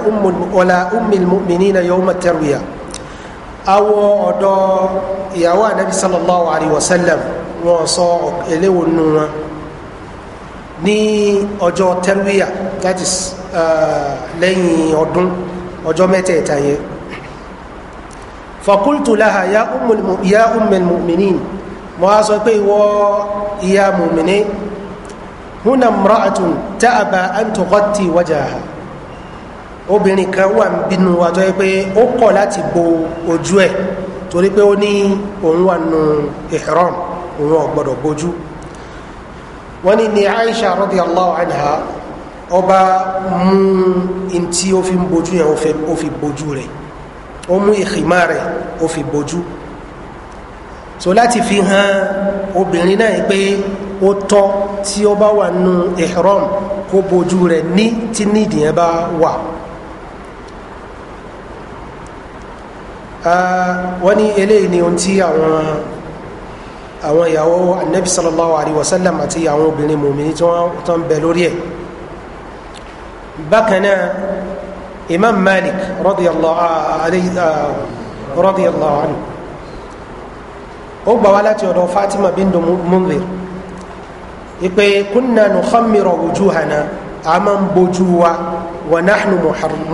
ummil mu'minina yawma tarwiya awọ ọ̀dọ̀ ìyàwó anabi sallallahu alayhi wa sallam wọn sọ eléwo nù wọn ní ọjọ́ tarwiya that is uh, lẹ́yìn ọdún ọjọ́ mẹ́tẹ̀ẹ̀ta yẹn fakultu laha ya umel mu'minin mo a sọ pé ìwọ ìyá mu'mini huna mra'atun ta'aba an tughatti wajaha obìnrin kan wà nínú wa tó yẹ pé ó kọ̀ láti bo ojú ẹ̀ torí pé ó ní òun wà nù ihram òun ò gbọ́dọ̀ wọ́n ní ní aisha radiyallahu anha ọba mú ntí ó fi ń bojú yẹn ó fi bojú rẹ̀ ó mú ìhìmá rẹ̀ ó fi bojú so láti fi hàn obìnrin náà pé ó tọ́ tí ó bá wà nù ihram kó bojú rẹ̀ ní tí nídìí yẹn bá wà. Ah, wọ́n ní eléyìí ni ohun tí àwọn àwọn ìyàwó anabi sallallahu alayhi wa sallam àti àwọn obìnrin mòmìnir tí wọ́n tán bẹ lórí ẹ̀ bákan náà imam malik radiyallahu ah, alayhi ah, radiyallahu anhu ó gbà wá láti ọ̀dọ̀ fatima bintu munzir ìpè kúnnà nùkàmìrọ̀ ojú hànà a máa ń bójú wa wa nahnu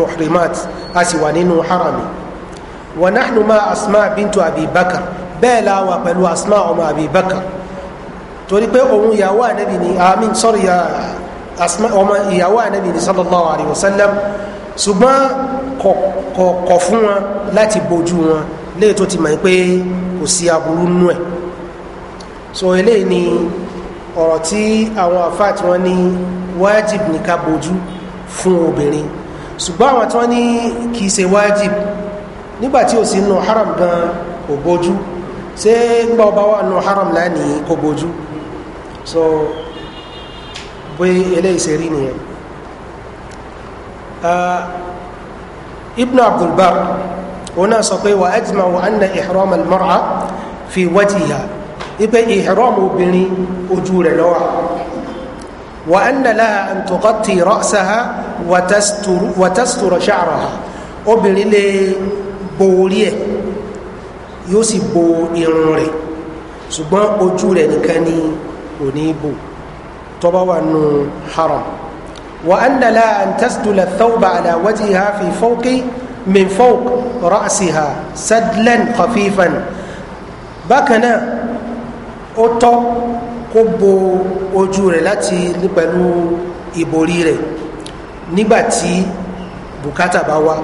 muhrimat a sì wà nínú harami wa nahnu ma asma bintu abi bakar bẹ́ẹ̀ la wà pẹ̀lú asma ọmọ abi bakar torí pé òun ìyàwó ànábì ni amin sọ́rọ̀ ah, ìyàwó ànábì ni sallallahu alayhi wa sallam ṣùgbọ́n kọ̀ fún wọn láti bójú wọn léyìí tó ti mọ̀ pé kò sí aburú nú ẹ̀ so eléyìí ni ọ̀rọ̀ tí àwọn àfáà tí wọ́n ní wájib ní ká bójú fún obìnrin ṣùgbọ́n àwọn tí wọ́n ní kìí ṣe wájib nígbà tí ò sí nù haram gan kò bójú ṣé nígbà ọba wà nù haram lánìí kò bójú so bí eléyìí ṣe rí nìyẹn. Uh, ibn abdulbar òun náà sọ pé wà á jìmọ̀ wà á nà ìhìrọ́m almọ́ra fi wájì ha ipe ìhìrọ́m obìnrin ojú rẹ̀ lọ́wọ́ wà á nà láha àǹtọ̀kọ́tì rọ́ọ̀sà ha wà tásítùrọ̀ ṣàrọ̀ ha obìnrin lè bo orí ẹ̀ yóò sì bo irun rẹ̀ ṣùgbọ́n ojú rẹ̀ nìkan ni òní bò tọ́ba wà nù haram. وأن لا أن تسدل الثوب على وجهها في فوق من فوق رأسها سدلا خفيفا بكنا أتو قبو أجور التي نبلو إبوريري نباتي بكاتا بوا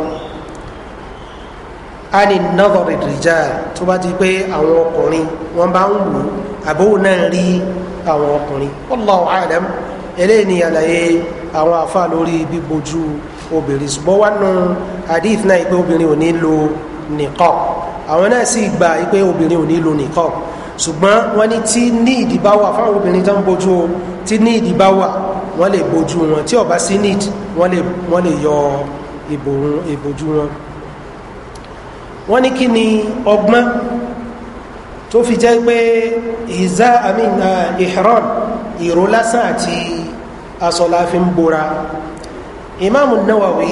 ani nọ́dọ̀rì rìjà tó bá ti pé àwọn ọkùnrin wọn bá ń wò àbówò náà rí àwọn ọkùnrin wallahu alam eléyìí ni àlàyé àwọn àfa lórí bíbojú obìnrin ṣùgbọ́n wà nù hadith náà pé obìnrin ò ní lo nìkọ́ àwọn náà sì gbà pé obìnrin ò ní lo nìkọ́ ṣùgbọ́n wọ́n ní tí ní ìdìbá wà fáwọn obìnrin tó ń bojú o tí ní ìdìbá wà wọ́n lè bojú wọn tí ọba sí need wọ́n lè yọ ìbòrun ìbojú wọn. wọ́n ní kí ni ọgbọ́n tó fi jẹ́ pé ìzá àmì ìhẹ́rọ̀n uh, ìró lásán àti aṣọ la fi ń bora ìmáàmù náwàwí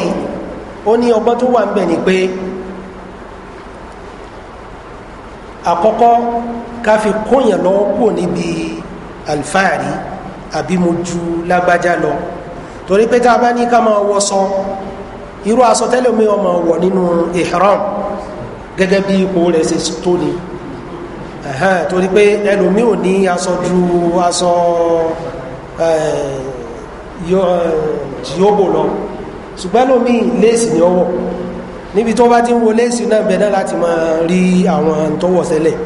ó ní ọgbọ́n tó wà ń bẹ̀ ni pé àkọ́kọ́ ká fi kóyàn lọ kúrò níbi alfáàrí àbí mo ju lágbájá lọ torí pé tá a bá ní ká máa wọ sọ irú aṣọ tẹ́lẹ̀ mi ọmọ wọ̀ nínú ihram gẹ́gẹ́ bí ipò rẹ̀ ṣe tó ni torí pé ẹlòmíì ò ní aṣọ ju aṣọ jìóbò lọ ṣùgbọ́n lómi léèsì ni ọwọ́ níbi tó bá ti ń wo léèsì náà bẹ̀ náà láti máa rí àwọn tó wọ̀ sẹ́lẹ̀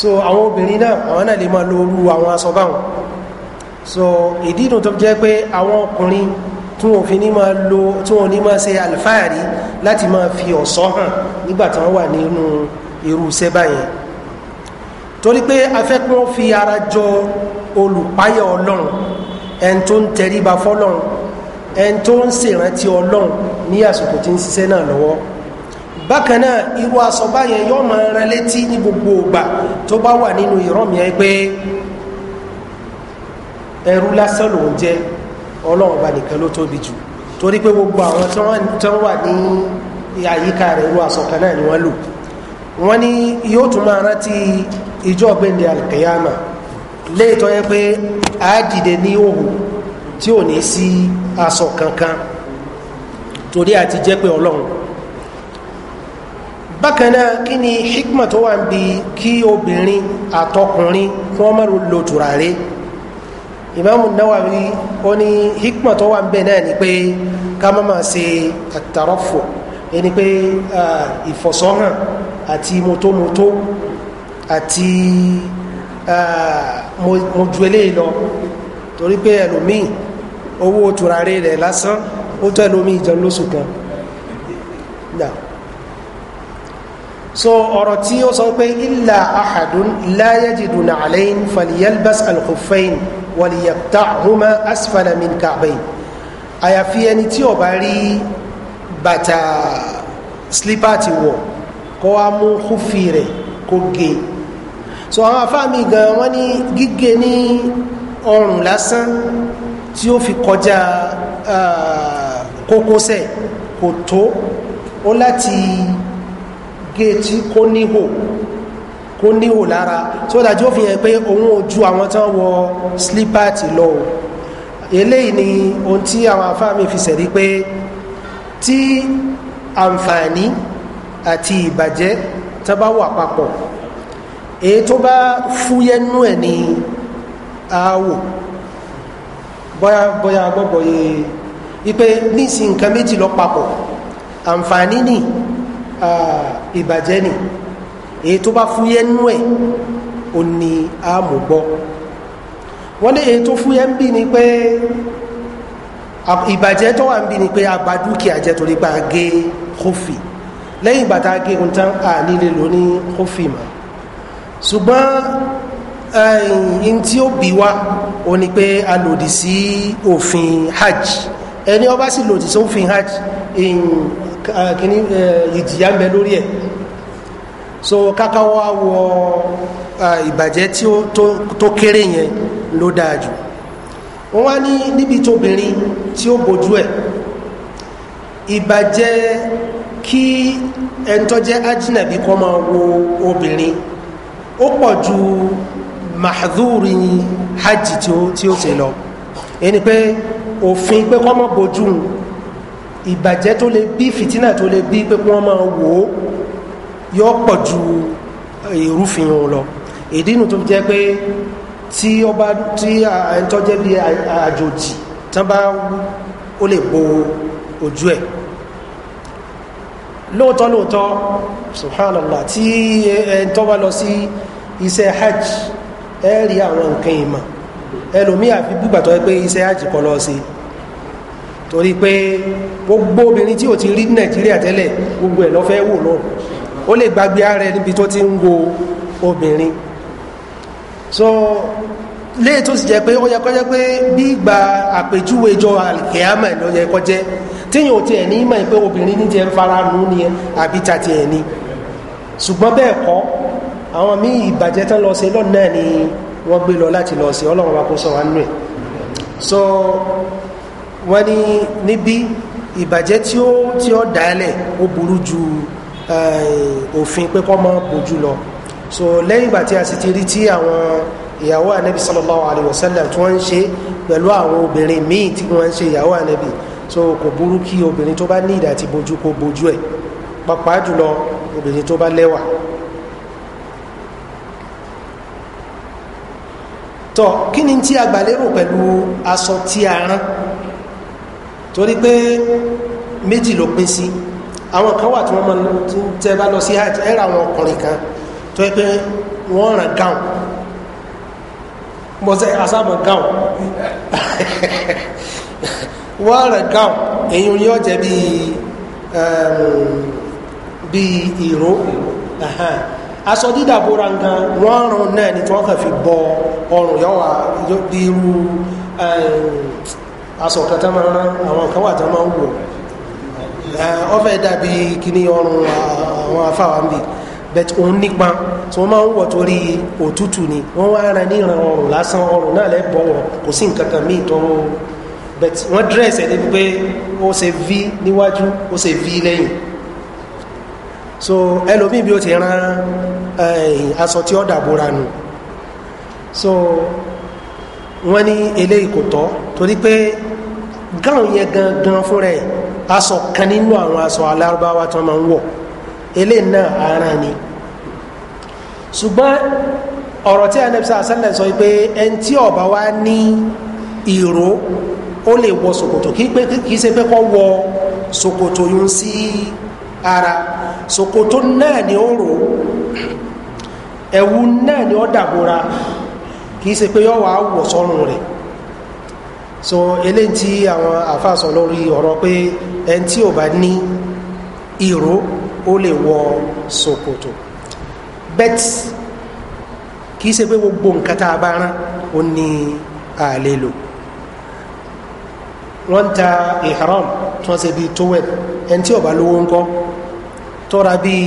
so àwọn obìnrin náà àwọn náà lè máa lo orú àwọn aṣọ báwọn so ìdí inú tó jẹ́ pé àwọn ọkùnrin tí wọn fi ní máa lo tí wọn ní máa ṣe àlùfáàrí láti máa fi ọ̀ṣọ́ hàn nígbà tí wọ́n wà nínú irú iṣẹ́ báyẹn torí pé afẹ́kùn fi ara jọ olùpáyà ọlọ́run ẹni tó ń tẹríba fọlọ́run ẹni tó ń ṣèrántí ọlọ́run ní àsìkò tí ń ṣiṣẹ́ náà lọ́wọ́ bákan náà irú aṣọ báyẹn yóò máa ran létí ní gbogbo ògbà tó bá wà nínú ìrọ́mìí ẹ pé ẹrú lásán lòún jẹ ọlọ́run ọba nìkan ló tóbi jù torí pé gbogbo àwọn tí wọ́n wà ní àyíká rẹ̀ irú aṣọ náà ni wọ́n lò wọ́n ní yóò tún máa rántí ìjọ́ gbẹ̀ndẹ̀ alkiyama léètọ́ yẹ pé a dìde ní òhù tí ò ní sí aṣọ kankan torí àti jẹ́ pé ọlọ́run bákan náà kí ni hikma tó wà ń bi kí obìnrin àtọkùnrin kí wọ́n má lo tùràrí ìmáàmù náwàwí ó ní hikma tó wà ń bẹ̀ náà ni pé ká má máa ṣe àtàrọ́fọ̀ ẹni pé ìfọ̀sọ́hàn àti mọ́tòmọ́tò àti mo ju eléyìí lọ torí pé ẹlòmíì owó tùràrí rẹ̀ lásán ó tó ẹlòmíì jẹun lóṣù kan náà so ọ̀rọ̀ tí ó sọ pé ilà ahadun láyéjìdùn àlẹ́yìn faliyelbas alkhufain wàlìyàtà huma asfalamin kaabain àyàfi ẹni tí ó bá rí bàtà slipper ti wọ̀ kó wá mú kúfì rẹ̀ kó gé so àwọn afáàmì gan wọ́n ní gígé ní ọrùn lásán tí ó fi kọjá kókósẹ̀ kò tó ó láti gé tí kò níhò kò níhò lára tó dájú ó fi hàn pé òun ò ju àwọn tán wọ slipati lọ eléyìí ni ohun tí àwọn afáàmì fi sẹ̀rí pé tí àǹfààní àti ìbàjẹ́ tó bá wà papọ̀ èyí tó bá fúyẹ́ nú ẹ̀ ní aáwò bóyá bóyá gbọ́gbọ́ yé ipe e. nísìn nǹkan méjì lọ papọ̀ àǹfààní ni ìbàjẹ́ ni èyí tó bá fúyẹ́ nú ẹ̀ ò ní àmúgbọ́ wọ́n ní èyí tó fúyẹ́ ń bí ni pé ìbàjẹ́ tó wà ń bí ni pé a bà dúkìá jẹ́ torí pé kófì lẹ́yìn ìgbà tá a gé ohun tán a nílé lóní kófì mọ́ ṣùgbọ́n ẹ̀yìn eh, tí ó bí wa ó ní pé a lòdì sí òfin hajj ẹni ọba sì lòdì sí òfin hajj eh, kìíní eh, ìjìyà ń bẹ lórí ẹ̀ so káká wá wọ ìbàjẹ́ tí ó tó kéré yẹn ló dáa jù wọ́n wá ní níbi tóbìnrin tí ó bójú ẹ̀ ìbàjẹ́ kí ẹ̀ńtọ́jẹ́ ajínàbí kọ́ máa wo obìnrin ó pọ̀ ju mahadúrì hajj tí ó ṣe lọ ẹni pé òfin pé kọ́ mọ́ bojú ìbàjẹ́ tó lè bí fìtínà tó lè bí pé kí wọ́n máa wò ó yọ pọ̀ ju ìrúfin òun lọ ìdí inú tó jẹ́ pé tí ọba tí àìntọ́jẹ́ bí àjòjì tán bá ó lè bo ojú ẹ̀ lóòótọ́ lóòótọ́ subhanallah tí ẹni bá lọ sí iṣẹ́ hajj ẹ rí àwọn nǹkan ìmọ̀ ẹlòmí àfi gbígbà tó pé iṣẹ́ hajj kọ́ lọ sí torí pé gbogbo obìnrin tí ò ti rí nàìjíríà tẹ́lẹ̀ gbogbo ẹ̀ lọ́fẹ́ wò lọ ó lè gbàgbé ara ẹ níbi tó ti ń wo obìnrin so léè tó sì jẹ́ pé ó yẹ kó jẹ́ pé bí ìgbà àpèjúwe jọ àlìkèámà ló yẹ kó jẹ́ téèyàn ò tiẹ̀ ní mọ̀ pé obìnrin ní tiẹ̀ ń fara nù ní ẹ àbí ta tiẹ̀ ni ṣùgbọ́n bẹ́ẹ̀ kọ́ àwọn míì ìbàjẹ́ tán lọ sí lọ́nà náà ni wọ́n gbé lọ láti lọ sí ọlọ́run wa kó sọ wá nù ẹ̀ so wọ́n ní níbí ìbàjẹ́ tí ó tí ó dálẹ̀ ó burú ju òfin pé kọ́ mọ́ bójú lọ so lẹ́yìn ìgbà tí a sì ti rí tí àwọn ìyàwó anabi sallallahu alayhi wa sallam tí wọ́n ń ṣe pẹ̀lú àwọn obìnrin míì tí wọ́n ń ṣe ìyàwó anabi so kò burú kí obìnrin tó bá ní ìdá ti bojú kó bojú ẹ̀ pàápàá jùlọ obìnrin tó bá lẹ́wà. tọ kí ni tí a pẹ̀lú aṣọ tí a rán torí pé méjì ló pín sí àwọn kan wà tí wọ́n máa ń tẹ́ bá lọ sí hajj àwọn ọkùnrin kan tó yẹ pé wọ́n ràn gáwọn. mo sẹ asámọ ah, gáwọn wọn rẹ èyí ni ọjẹ bíi bíi ìró aṣọ dídà bóra wọn ràn náà ni tí fi bọ ọrùn yọwà bí irú aṣọ kan máa rán àwọn kan wà tá máa ń wọ ọfẹ dàbí kíní ọrùn àwọn bẹ́ẹ̀ òun nípa tí wọ́n máa ń wọ̀ torí òtútù ni wọ́n wá ara ní ìran ọrùn lásán ọrùn náà lẹ́ bọ̀wọ̀ kò sí nǹkan kan míì tó ń bẹ́ẹ̀ wọ́n dírẹ̀sì ẹni pé ó ṣe v níwájú ó ṣe v lẹ́yìn so ẹlòmíì bí ó ti ran eh, aṣọ tí ó dàbòrà nù so wọ́n ní eléyìí kò tọ́ torí pé gáwọn yẹn gangan fún rẹ̀ aṣọ kan nínú àwọn aṣọ alárúbáwá tí wọ́n máa ń wọ̀ eléyìí náà ara ni ṣùgbọ́n ọ̀rọ̀ tí anabi sàlẹ̀ sàlẹ̀ sọ pé ẹni tí ọba wa ní ìró ó lè wọ ṣòkòtò kì í pé kọ́ wọ ṣòkòtò yún sí ara ṣòkòtò náà ni ó rò ẹ̀wù náà ni ó dàbòra kì í pé yọ́wọ́ á wọ̀ sọ́run rẹ̀ so eléyìí tí àwọn àfàsọ lórí ọ̀rọ̀ pé ẹni tí ò ní ìró ó lè wọ ṣòkòtò. So, bet kì í ṣe pé gbogbo nǹkan tá a bá rán ó ní àlè lò wọ́n ń ta ihram tí wọ́n ṣe bíi towel ẹni tí ọba lówó ń kọ́ tọ́ra bíi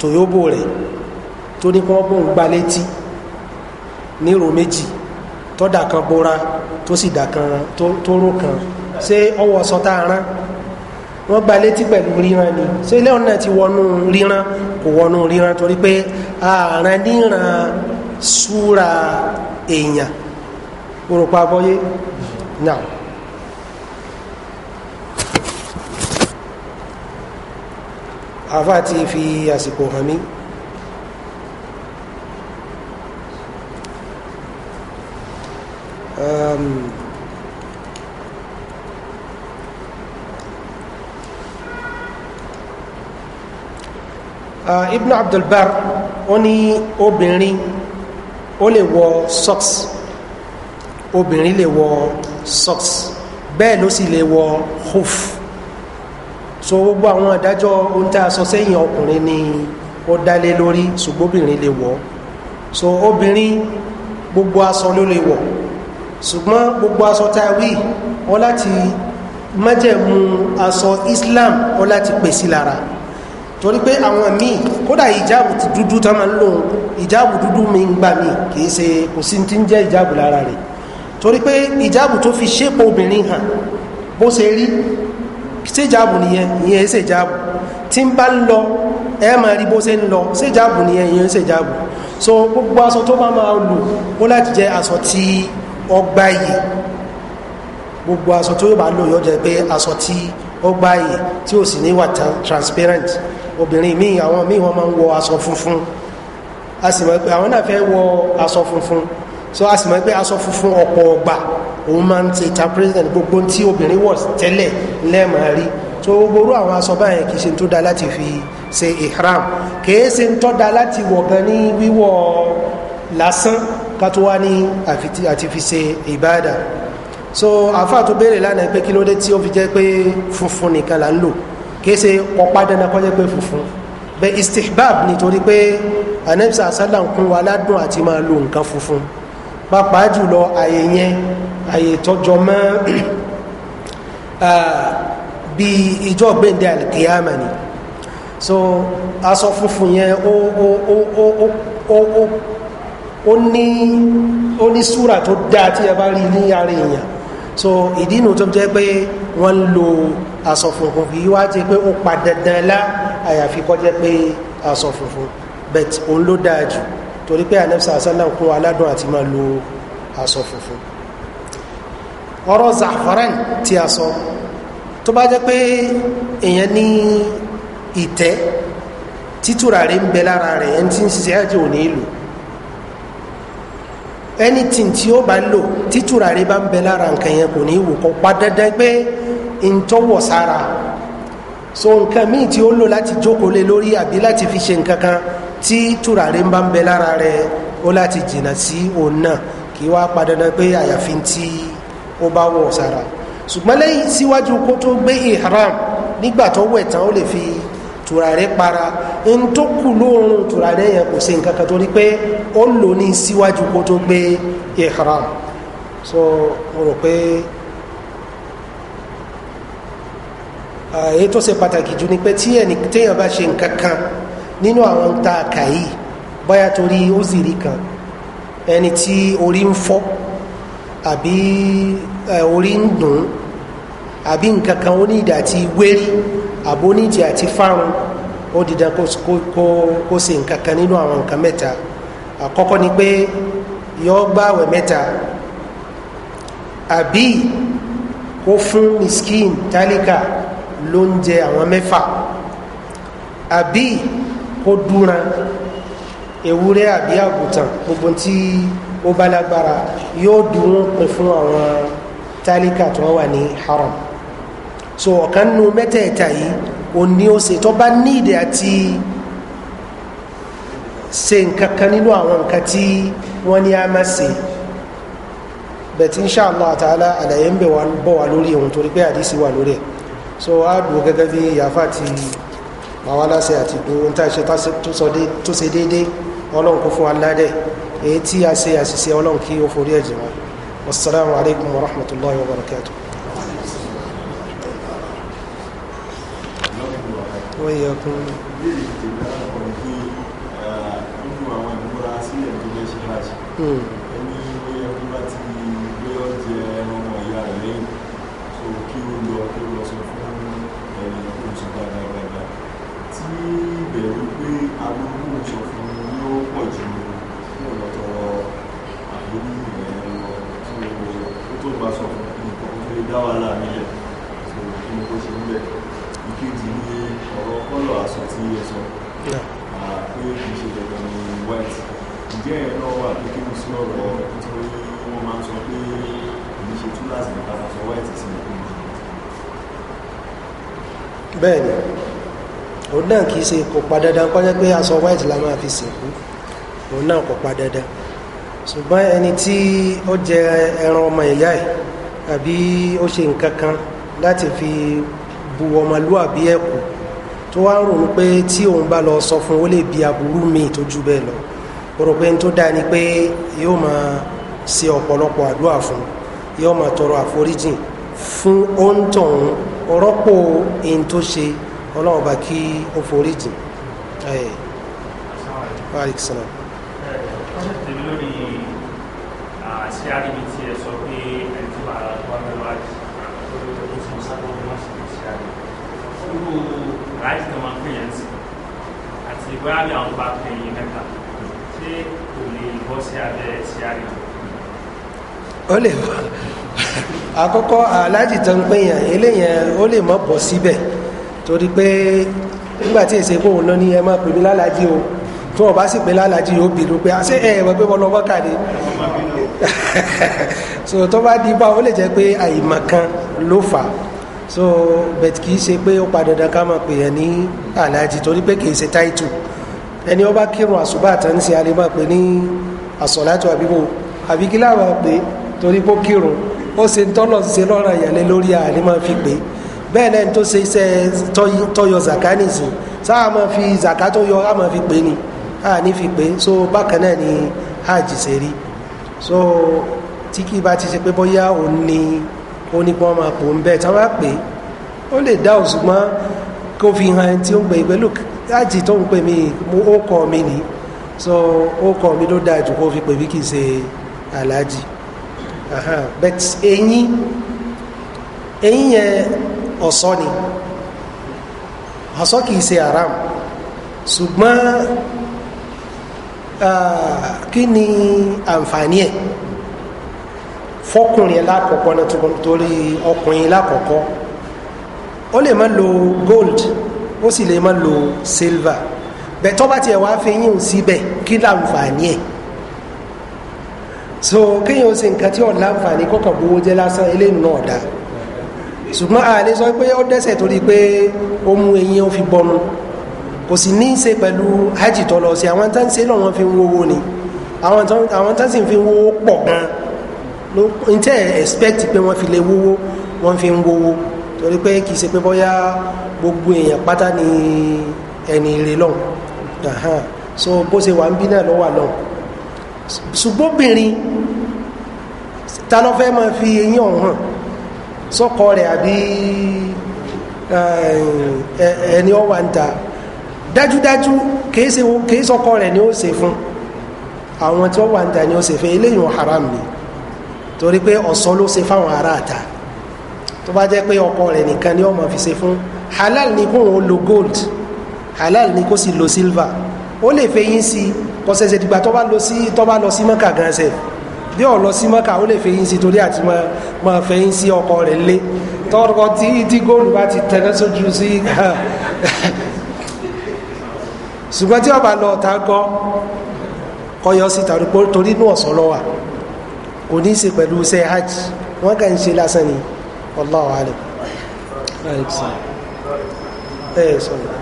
toyobo rẹ̀ tó ní kí wọ́n bóun gba létí nírò méjì tọ́dà kan bóra tó sì dà kan tó rò kan ṣé ọwọ́ sọ tá wọ́n gba létí pẹ̀lú ríran ni ṣé ilé ọ̀nà ti wọnú ríran kò wọnú ríran torí pé ààrùn níran súra èèyàn òrùpa bọ́yé náà. àfa ti fi àsìkò hàn mí. Um, Ah, ibn abdulbar ó ní obìnrin ó lè wọ socks obìnrin lè wọ socks bẹ́ẹ̀ ló sì lè wọ hoof so gbogbo àwọn adájọ́ ohun tá a sọ sẹ́yìn ọkùnrin ni ó dálé lórí ṣùgbọ́n obìnrin lè wọ so obìnrin gbogbo aṣọ ló lè wọ ṣùgbọ́n gbogbo aṣọ tá a wí ọ láti májẹ̀mú aṣọ islam ọ láti pèsè lára torí pé àwọn míì kódà ìjáàbù ti dúdú tó máa ń lò ìjáàbù dúdú mi ń gbà mí kì í ṣe kò sí ti ń jẹ́ ìjáàbù lára rẹ̀ torí pé ìjáàbù tó fi ṣépò obìnrin hàn bó ṣe rí ṣé ìjáàbù nìyẹn ìyẹn ṣe ìjáàbù tí ń bá ń lọ ẹ máa rí bó ṣe ń lọ ṣé ìjáàbù nìyẹn ìyẹn ṣe ìjáàbù so gbogbo aṣọ tó bá máa lò ó láti jẹ aṣọ tí ọgbà yìí gbogbo aṣọ tó yóò bá lò yóò jẹ pé aṣọ tí ó gba àyè tí ó sì ní transparent obìnrin míì àwọn míì wọn máa ń wọ aṣọ funfun a sì mọ̀ pé àwọn náà fẹ́ wọ aṣọ funfun so a sì mọ̀ pé aṣọ funfun ọ̀pọ̀ ọgbà òun máa ń ti ta president gbogbo tí obìnrin wọ̀ tẹ́lẹ̀ lẹ́ẹ̀mọ̀ rí so gbogbo àwọn aṣọ báyẹn kì í ṣe ń tó da láti fi ṣe ihram kì í ṣe ń da láti wọ̀ gan ní wíwọ̀ lásán ká tó wá ní àti fi ṣe ìbáàdà so àáfàá tó béèrè lánàá pé kí ló dé tí ó fi jẹ́ pé funfun nìkan là ń lò kì í ṣe ọ̀pá dandan kọ́ jẹ́ pé funfun bẹ́ẹ̀ istihbab nítorí pé anamsa asálàm kún wa ládùn àti máa lo nǹkan funfun pàápàá jùlọ àyè yẹn àyè tọjọ mọ́ *clears throat* bí ìjọ gbẹ̀ndẹ̀ alikiyama ni so aṣọ funfun yẹn ó ó ó ó ó ó ó ní ó ní súra tó dáa tí a bá rí ní ara èèyàn so ìdí inú tó jẹ́ pé wọ́n lo aṣọ funfun wá jẹ́ pé ó pa dandan lá àyàfi kọ́ jẹ́ pé aṣọ bet òun ló dáa jù torí pé anabisa asalam kún aládùn àti máa lo aṣọ ọ̀rọ̀ zafaran tí a sọ tó bá jẹ́ pé èèyàn ní ìtẹ́ títúrà rẹ̀ ń bẹ lára rẹ̀ ẹni tí ń ṣiṣẹ́ àjò ní ìlú anything tí ó bá lò títura rẹ bá ń bẹ lára nǹkan yẹn kò ní í wò kó pa dandan pé ntọ́wọ̀ sára so nǹkan míì tí ó lò láti jókòó lé lórí àbí láti fi ṣe nǹkan kan tí tura rẹ bá ń bẹ lára rẹ ó láti jìnnà sí òun náà kì í wá pa dandan pé àyàfi tí ó bá wọ̀ sára ṣùgbọ́n lẹ́yìn síwájú kó tó gbé ihram nígbà tó wẹ̀ tán ó lè fi tùràrí para ń tó yẹn kò nǹkan kan torí pé ó lò ní síwájú kó tó gbé so mo rò pé èyí tó ṣe pàtàkì jù ni pé tí ẹnì téèyàn bá ṣe nǹkan kan nínú àwọn tá a kà torí ó kan ẹni tí orí ń àbí orí ń dùn àbí nǹkan kan àbóníjì àti fárun ó di dan kó se nǹkan kan nínú àwọn nǹkan mẹ́ta àkọ́kọ́ ni pé yọ gbàwẹ̀ mẹ́ta àbí kó fún miskin tálíkà ló ń jẹ àwọn mẹ́fà àbí kó dúran ewúrẹ́ àbí àgùntàn gbogbo tí ó bá lágbára yóò dùn pín fún àwọn tálíkà tó wà ní haram so ọ̀kan nu mẹ́tẹ̀ẹ̀ta yìí o ní o ṣe tó bá ní ìdè àti ṣe nǹkan kan nínú àwọn nǹkan tí wọ́n ní a máa ṣe bẹ̀tí insha Allah ta'ala àlàyé ń bẹ̀ wá bọ̀ wá lórí ohun torí pé àdìsí wà lórí ẹ̀ so a dùn gẹ́gẹ́ bí yàfa ti bàwá láṣẹ àti ohun tá a ṣe tó ṣe déédéé ọlọ́run kò fún wa ládẹ̀ èyí tí a ṣe àṣìṣe ọlọ́run kí ó forí ẹ̀jẹ̀ wa wassalamu alaikum warahmatullahi wabarakatuh wọ́n yẹ kún un. ìbéèrè ìtẹ̀lẹ́ àkọ́kọ́ ni pé nínú àwọn bẹ́ẹ̀ ni òun náà kìí í ṣe kò white la máa fi sìnkú òun náà kò pa dandan ṣùgbọ́n ẹni tí ó jẹ ẹran ọmọ ìyá ẹ̀ àbí ó ṣe nǹkan kan láti fi bu ọmọlúàbí ẹ̀ tó wá ń pé tí òun bá lọ sọ fún ó bi aburú míì tó ju lọ ó rò pé n tó dáa ni pé yóò máa ṣe ọ̀pọ̀lọpọ̀ àdúrà fún yóò máa tọrọ rọ́pò èyí tó ṣe ọlọ́run bá kí ó forí jìn ẹ̀ẹ́ wàhálìkì sọ̀rọ̀. ọ̀sẹ̀ tèmi lórí àṣẹ àríbi tí ẹ sọ pé ẹni tí wàá wà lọ́wọ́ àti ó ti mú sábà wọn sì lè ṣe àríbi. irú ráìtì tó máa ń pè yẹn sí àti bóyá bí àwọn bá pè yín mẹ́ta ṣé kò lè bọ́ sí abẹ́ ṣe àríbi. ó lè bọ́ àkọ́kọ́ aláàjì tó ń pèèyàn eléyàn ó lè mọ́ bọ̀ síbẹ̀ torí pé nígbà tí èsè kóhùn lọ ní ẹ máa pè mí lálàájì o tí wọn bá sì pè lálàájì yóò bínú pé àṣẹ ẹ pé wọn lọ wọ́n kàdé *laughs* so tó bá di bá ó lè jẹ́ pé àìmọ̀ kan ló fà so bet kì í ṣe pé ó pa dandan ká máa pèèyàn ní aláàjì torí pé kì í ṣe táìtù ẹni ọba kírun àṣùbà àtàǹsì alẹ́ máa pè ní àṣọ̀látò àbíbò àbíkí láwọn pè torí pé ó kírun ó ṣe ń tọ́lọ̀ ṣe lọ́ràn ìyàlẹ́ lórí àní máa fi pé bẹ́ẹ̀ lẹ́ni tó ṣe iṣẹ́ tọ́yọ zaka nìsín sáà máa fi zaka tó yọ á máa fi pé ni á ní fi pé so bákan náà ni hajj ṣe rí so tí kì í bá ti ṣe pé bóyá òun ni ó ní pọ́n máa pò ń bẹ́ẹ̀ tí wọ́n bá pè ó lè dá òṣùgbọ́n kó fi hàn tí ó ń pè é pé look láti tó ń pè mí ó kọ́ mi ni so ó kọ́ mi ló dáa jù kó fi pè mí kì í ṣe aláàjì but eyín eyín yẹn ọ̀sọ́ ni ọ̀sọ́ kìí ṣe haram ṣùgbọ́n ah, kí ni àǹfààní ẹ̀ fọkùnrin lákọ̀ọ́kọ́ náà torí ọkùnrin lákọ̀ọ́kọ́ ó lè má lo gold ó sì lè má lo silver bẹ̀tọ́ bá tiẹ̀ wá fi yín síbẹ̀ kí láǹfààní ẹ̀ so kéèyàn ó se nǹkan tí ọ̀la nfààní kọ́kàn gbowó jẹ́ lásán eléyìí náà dá ṣùgbọ́n àlè sọ pé ó dẹ́sẹ̀ torí pé ó mú eyín ó fi bọnu kò sì ní í ṣe pẹ̀lú hajj tó lọ sí àwọn tán ṣe lọ́wọ́n fi ń wowó ni àwọn tán sì fi ń wowó pọ̀ gan n tẹ́ expect pé wọ́n fi lè wowó wọ́n fi ń wowó torí pé kì í ṣe pé bọ́yá gbogbo èèyàn pátá ni ẹni ìrè lọ́hùn so bó ṣe wà ń bí náà lọ́wọ́ àlọ́hùn ṣùgbọ́bìnrin ta ló fẹ́ máa fi eyín ọ̀hún sọ́kọ rẹ̀ àbí eh, eh, eh, ẹni ọ̀wà ń ta dájúdájú kìí sọ́kọ rẹ̀ ni ó ṣe fún àwọn tí wọ́n wà ń ta ni ó ṣe fún eléyìí wọn haram ni torí pé ọ̀sán ló ṣe fáwọn ará àta tó bá jẹ́ pé ọkọ rẹ̀ nìkan ni ó fi ṣe fún halal ni kóun lo gold halal ni kó sì lo silver ó lè fẹ́ yín sí i kọ́sẹ̀sẹ̀ dìgbà tó bá lọ sí tó bá lọ sí mọ́kà gan ṣe bí ọ̀ lọ sí mọ́kà ó lè fẹ́ yín sí torí àti mọ́ fẹ́ yín sí ọkọ rẹ̀ lé tọ́rọ tí tí góòlù bá ti tẹ̀lé sójú sí *laughs* ṣùgbọ́n tí ọba lọ ta gọ́ kọyọ síta torí inú ọ̀sán lọ́wà kò ní í ṣe pẹ̀lú iṣẹ́ hajj wọ́n kàn ń ṣe lásán ni ọlọ́wàá rẹ̀ ẹ̀ sọ̀rọ̀.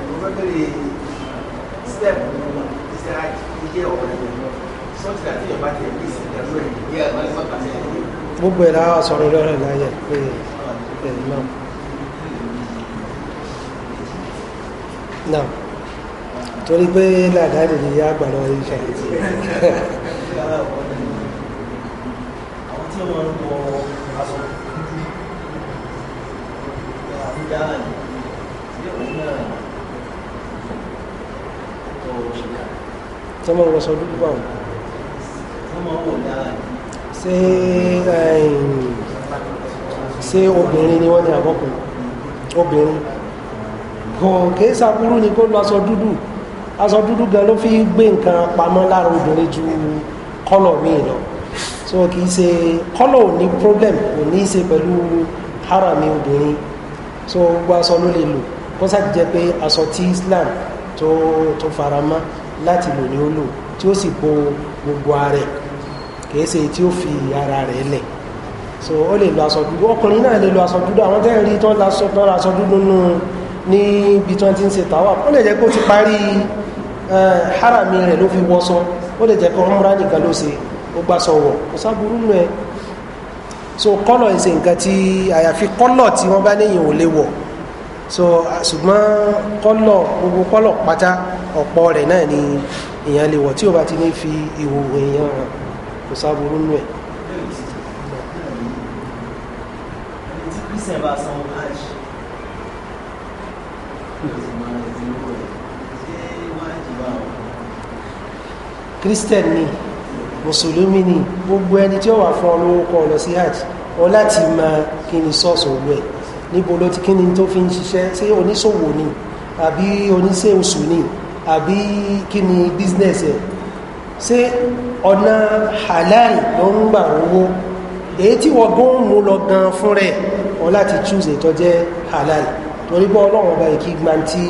gbogbo ẹ̀ láwà sọ̀rọ̀ lọ́rẹ̀ láyẹ̀ pé ẹ̀ náà náà torí pé làdáàdì ni yá gbà lọ́wọ́ ìṣẹ́ àwọn tí wọ́n ń wọ aṣọ àbújá tí wọ́n ń wọ aṣọ dúdú báwọn tí wọ́n ń wọ dáadáa ṣé ṣé obìnrin ni wọ́n ní àbọ̀kùnrin obìnrin kò kìí ṣàbúrú ni kó lọ aṣọ dúdú aṣọ dúdú gan ló fi gbé nǹkan pamọ́ lára obìnrin ju kọ́lọ̀ míì lọ so kìí ṣe kọ́lọ̀ ò ní problem kò ní í ṣe pẹ̀lú harami obìnrin so gbogbo aṣọ ló lè lò kó sáà jẹ́ pé aṣọ tí islam tó tó fara mọ́ láti lò ní ó lò tí ó sì bo gbogbo ara rẹ̀ kìí ṣe tí ó fi ara rẹ̀ lẹ̀ so ó lè lo aṣọ dúdú ọkùnrin náà lè lo aṣọ dúdú àwọn tẹ́lẹ̀ rí tán lọ aṣọ dúdú nù níbi tí wọ́n ti ń ṣe tàwa ó lè jẹ́ pé ó ti parí harami rẹ̀ ló fi wọ́sọ ó lè jẹ́ pé ọmọra nìkan ló ṣe ó gbà sọ̀wọ̀ kò sábúrú nù ẹ̀ so kọ́lọ̀ ìṣe nǹkan tí àyàfi kọ́lọ̀ tí wọ́n bá níyìn ò lè wọ̀ so ṣùgbọ́n kọ́lọ̀ gbogbo kọ́lọ̀ pátá ọ̀pọ̀ rẹ̀ náà ni èèyàn lè wọ̀ tí ó bá ti ní fi ìwò èèyàn hàn kò sáburú nù ẹ̀. christian ni mùsùlùmí ni gbogbo ẹni tí ó wà fún ọlọ́wọ́ kọ́ ọ lọ sí hajj ọ láti máa kí ni sọ́ọ̀sì òwú ẹ̀ níbo ló ti kí ni tó fi ń ṣiṣẹ́ ṣé oníṣòwò ni àbí oníṣẹ́ oṣù ni àbí kí ni business ẹ̀ ṣé ọ̀nà halal ló ń gbà owó èyí tí wọ́n gún mú lọ gan fún rẹ̀ wọ́n láti choose ètò jẹ́ halal torí bọ́ ọlọ́run ọba ìkí tí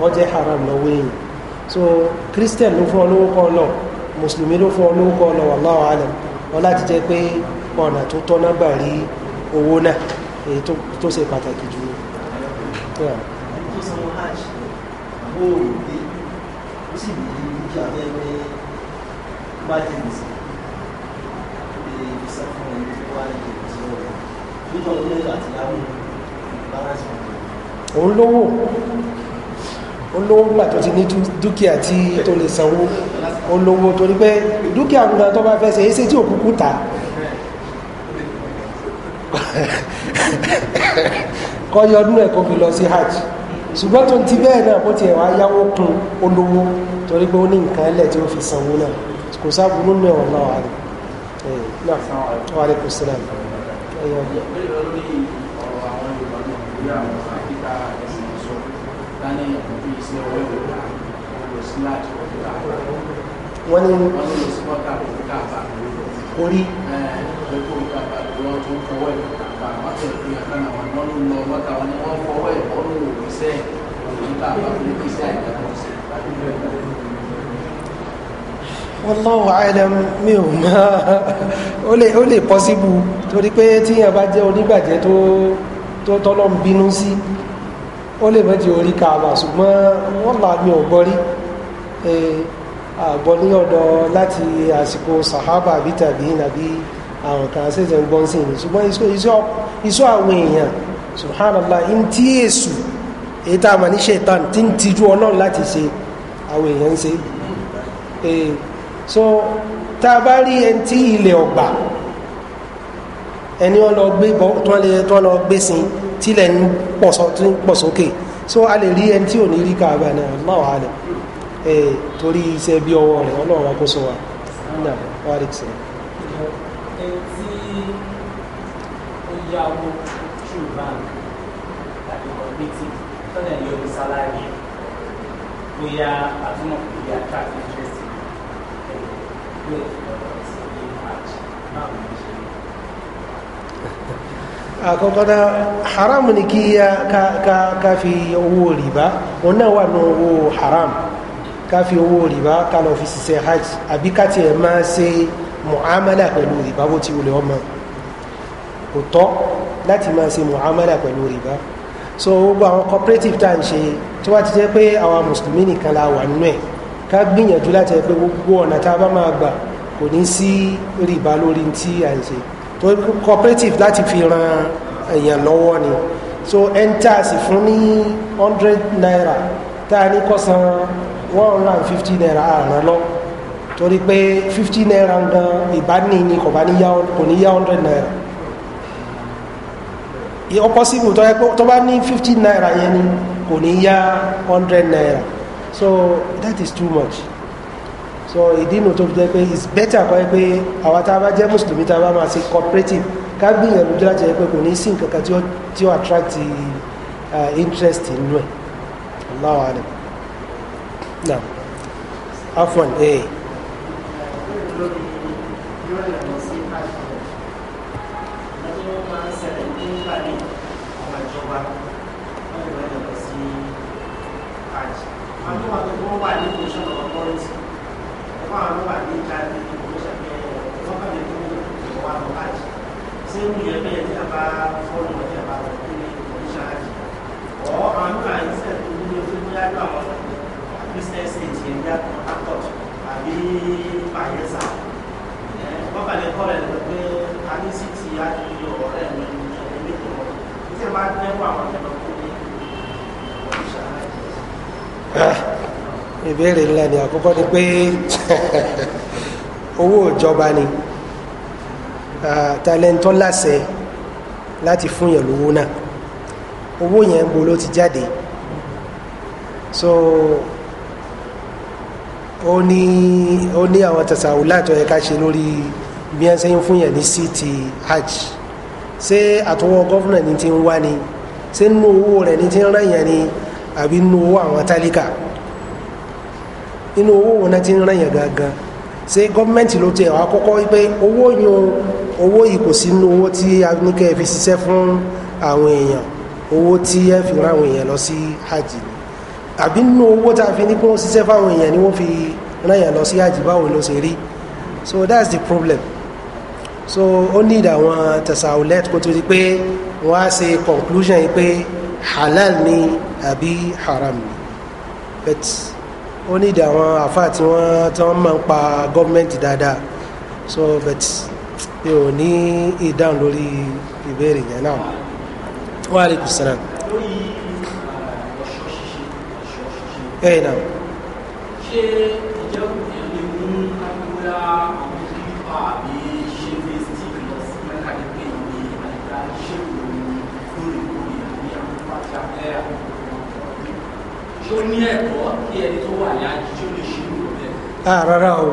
wọ́n jẹ́ haram lọ́wọ́ èyí so christian ló fún ọ lówó kọ́ lọ mùsùlùmí ló fún ọ kọ́ lọ owó náà èyí tó ṣe pàtàkì jù bá jìnnà sí ilé ìgbésẹ̀ fún ẹni tó wá ní ìgbésẹ̀ rẹ̀ nígbà tó lẹ́yìn àti láwọn balance wọn. òun lówó òun lówó nígbà tó ti ní dúkìá tí tó lè sanwó òun lówó torí pé dúkìá gbogbo tó bá fẹ́ ṣe é ṣe tí òkúkú ta *laughs* kọ́ yọ ọdún ẹ̀kọ́ fi lọ sí hajj ṣùgbọ́n tó ti bẹ́ẹ̀ náà bó ti ẹ̀wà yáwó kun olówó torí pé ó ní nǹkan ẹlẹ̀ tí ó fi sanwó náà kò sáàbùrú ní eh, ọ̀rọ̀ náà wà rẹ̀ wà rẹ̀ kò sílẹ̀ ẹ̀yọ́ bí. wọ́n ní orí Thank you wallahu alam mi ò mọ́ ó lè pọ́síbù torí pé tíyàn bá jẹ́ onígbàjẹ́ tó tó tọ́lọ́ ń bínú sí ó lè mọ́jì orí kaaba ṣùgbọ́n wọ́n là mi ò gbọ́rí àgbọ́ ní ọ̀dọ̀ láti àsìkò sahaba àbí tàbí nàbí àwọn kan ṣẹ̀ṣẹ̀ ń gbọ́n sí ni ṣùgbọ́n iṣọ́ àwọn èèyàn subhanallah in tí èsù èyí tá a mà ní ṣètàn tí ń tijú ọlọ́run láti ṣe àwọn èèyàn ń ṣe so tá a bá rí ẹni tí ilẹ̀ ọ̀gbà ẹni ọlọ gbé bọ tó lọ gbé sin tilẹ̀ ń pọ̀ sókè so a lè rí ẹni tí ò ní rí káàbà náà aláwọ̀ alẹ̀ ẹ̀ torí iṣẹ́ bí ọwọ́ rẹ̀ ọlọ́run akóso wa náà wàá rí sẹ́yìn yá owó through bank tàbí community tọ́lẹ̀ ní orí sálárì bóyá àtúmọ̀ kò yá àkọ́kọ́ náà haram ni kí ká ká ká fi owó rìbá òun náà wà ní owó haram ká fi owó rìbá ká lọ fi ṣiṣẹ́ hajj àbí ká tiẹ̀ máa ṣe mu'amala pẹ̀lú rìbá bó ti wulẹ̀ ọmọ kò tọ́ láti máa ṣe mu'amala pẹ̀lú rìbá so gbogbo àwọn cooperative tá à ń ṣe tí wọ́n ti jẹ́ pé àwọn mùsùlùmí nìkan ká gbìyànjú láti ẹ pé gbogbo ọ̀nà tá a bá máa gbà kò ní sí rìbá lórí tí à ń ṣe tó cooperative láti fi ran èèyàn lọ́wọ́ ni so enters fún ní hundred naira tá a ní kọ́ san one hundred and fifty naira àràn lọ torí pé fifty naira gan ìbáni ni kò ní yá hundred naira ọ̀pọ̀ síbù tó bá ní fifty naira yẹn ni kò ní yá hundred naira so that is too much so ìdí inú tó fi jẹ́ pé it's better kọ́ ẹ pé àwa tá a bá jẹ́ mùsùlùmí tá a bá máa ṣe cooperative ká gbìyànjú láti jẹ́ pé kò ní sí nǹkan kan tí ó attract uh, interest nínú ẹ̀ allah wa alam naam afwan ee. Eh. ìbéèrè ńlá ni àkọ́kọ́ ni pé *laughs* owó ìjọba ni talentọ́ láṣẹ láti fún yẹn lówó náà owó yẹn ń bo ti jáde so ó ní ó ní àwọn tẹ̀sàwò látọ̀ yẹ ká ṣe lórí bí wọ́n ń fún yẹn ní sí hajj ṣé àtọwọ́ gọ́fúnà ni ti ń wá ni ṣé nínú owó rẹ̀ ni ti ń rán yẹn ni àbí nínú owó àwọn tálíkà inú owó wọn náà ti ń ràn gangan ṣé gọ́ọ̀mẹ̀ntì ló tẹ àkọ́kọ́ pé owó yun owó yìí kò sí inú owó tí a ní kẹ́ ẹ fi ṣiṣẹ́ fún àwọn èèyàn owó tí ẹ fi rán àwọn èèyàn lọ sí hajj ni àbí nínú owó tá a fi ní pé ṣiṣẹ́ fáwọn èèyàn ni wọ́n fi rán lọ sí hajj báwo ló ṣe rí so that's the problem so ó ní ìdàwọn tasawulet kó tó di pé wọ́n á ṣe conclusion yìí pé halal ni àbí haram ni but ó ní ìdí àwọn àfáà tí wọ́n tí wọ́n máa ń pa gọ́ọ̀mẹ̀ntì dáadáa so but mi ò ní ìdáhùn lórí ìbéèrè yẹn náà wa alaikum salaam. ẹ̀yìn náà. ṣé ìjẹ́kùn yẹn lè mú àkúrà. tí ó ní ẹ̀kọ́ kí ẹni tó wà ní ají tí ó lè ṣe ìlú bẹ́ẹ̀. Ah, rárá o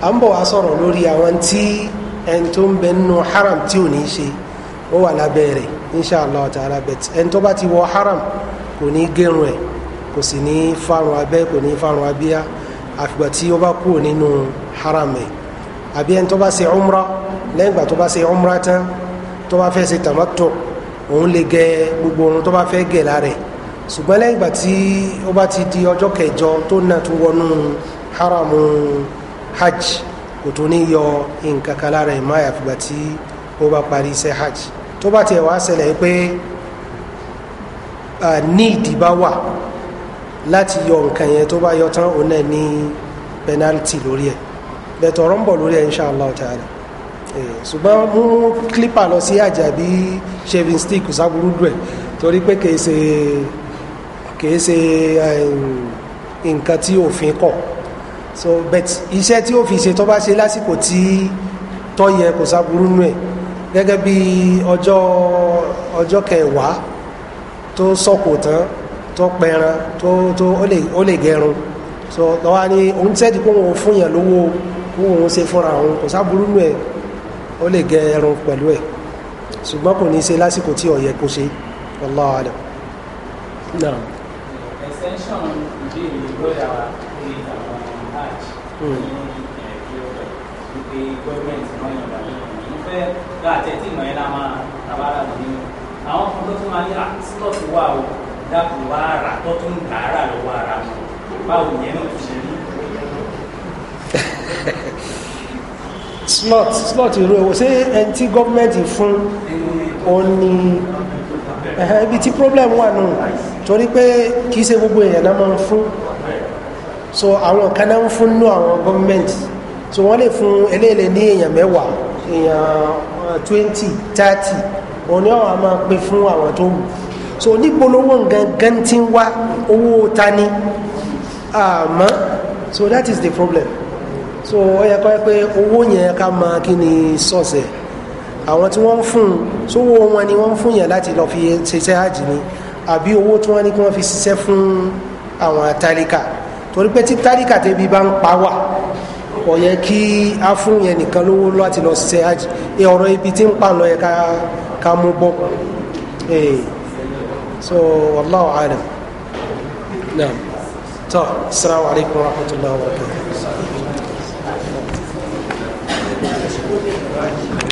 à ń bọ̀ wá sọ̀rọ̀ lórí àwọn tí ẹn tó ń bẹ nínú haram tí ò ní ṣe ó wà lábẹ́ rẹ̀ inṣàlá taara bẹ̀ ẹn tó bá ti wọ haram kò ní gẹrun ẹ̀ kò sì ní fárun abẹ́ kò ní fárun abíyá àfìgbà tí ó bá nínú haram ẹ̀ àbí ẹni tó bá ṣe umra lẹ́yìn ìgbà tó bá ṣe umra tán tó bá fẹ́ ṣe òun lè gẹ gbogbo orun tó bá fẹ́ gẹ̀ lára ẹ̀ ṣùgbọ́n lẹ́yìn ìgbà tí ó bá ti di ọjọ́ kẹjọ tó náà tún wọnú haramu hajj kò tó ní yọ nǹkan kan lára ìmọ̀ àyàfìgbà tí ó bá parí iṣẹ́ hajj tó bá tiẹ̀ wá ṣẹlẹ̀ pé ní ìdìbá wà láti yọ nǹkan yẹn tó bá yọ tán òun náà ní penalty lórí ẹ̀ bẹ̀tọ̀ ọ̀rọ̀ ń bọ̀ lórí ẹ̀ inshallah ta'ala ṣùgbọ́n mú clipper lọ sí àjàbí shaving stick ṣàbúrú dùn ẹ̀ torí pé kì ṣe kìí ṣe eh, nǹkan tí òfin kọ̀ so bet iṣẹ́ tí ó fi ṣe tó bá ṣe lásìkò tí tọ́ yẹ kò sáburú nù ẹ̀ gẹ́gẹ́ bí ọjọ́ ọjọ́ kẹwàá tó sọ̀kò tán tó pẹran tó tó ó lè gẹrun so lọ́wọ́ ni òun tẹ́tí kó òun fún yàn lówó kó òun ṣe fúnra òun kò sáburú nù ẹ̀ ó lè gẹrun pẹ̀lú ẹ̀ ṣùgbọ́n kò ní ṣe lásìkò tí ó yẹ ṣe wallahu alam extension ìbéèrè lọ́dà wa pé àwọn hajj ní ẹ̀ẹ́dẹ́gbẹ̀rẹ̀ wípé gọ́ọ̀mẹ̀ntì wọn yàn wà lẹ́yìn ìlú gba àtẹ̀tí ìmọ̀ yẹn máa tàbára lò nínú àwọn kan tó tún máa ní àtúntọ̀tù wà o dákun wá ara tó tún ń tà ara lọ́wọ́ ara wọn báwo yẹn náà ti ṣe rí. slot slot ìró ẹ̀wọ̀ ṣé ẹni tí gọ́ọ̀mẹ̀ntì fún ọ ní ibi tí problem wà nù torí pé kì ṣe gbogbo èèyàn náà máa ń fún so àwọn kan náà ń fún nù àwọn gọ́ọ̀mẹ̀ntì so wọ́n lè fún eléyìí ní èèyàn mẹ́wàá èèyàn eh, twenty thirty òun ni àwọn máa pín fún àwọn tó wù so onípolówó gangan ti ń wá owó tani àmọ́ so that is the problem so ó yẹ kọ́ pé owó yẹn ká máa kí ni sọ́ọ̀sì ẹ̀ àwọn tí wọ́n ń fún un sówó wọn ni wọ́n ń fún yàn láti lọ fi ṣiṣẹ́ hajj ni àbí owó tí wọ́n ní kí wọ́n fi ṣiṣẹ́ fún àwọn tálíkà torí pé tí tálíkà tẹ́bi bá ń pa wà ó yẹ kí a fún yẹn nìkan lówó láti lọ ṣiṣẹ́ hajj ẹ ọ̀rọ̀ ibi tí ń pa lọ yẹ ká mú bọ́ ee so wallahu alam naam tó assalamu alaikum warahmatullahi wabarakatuh.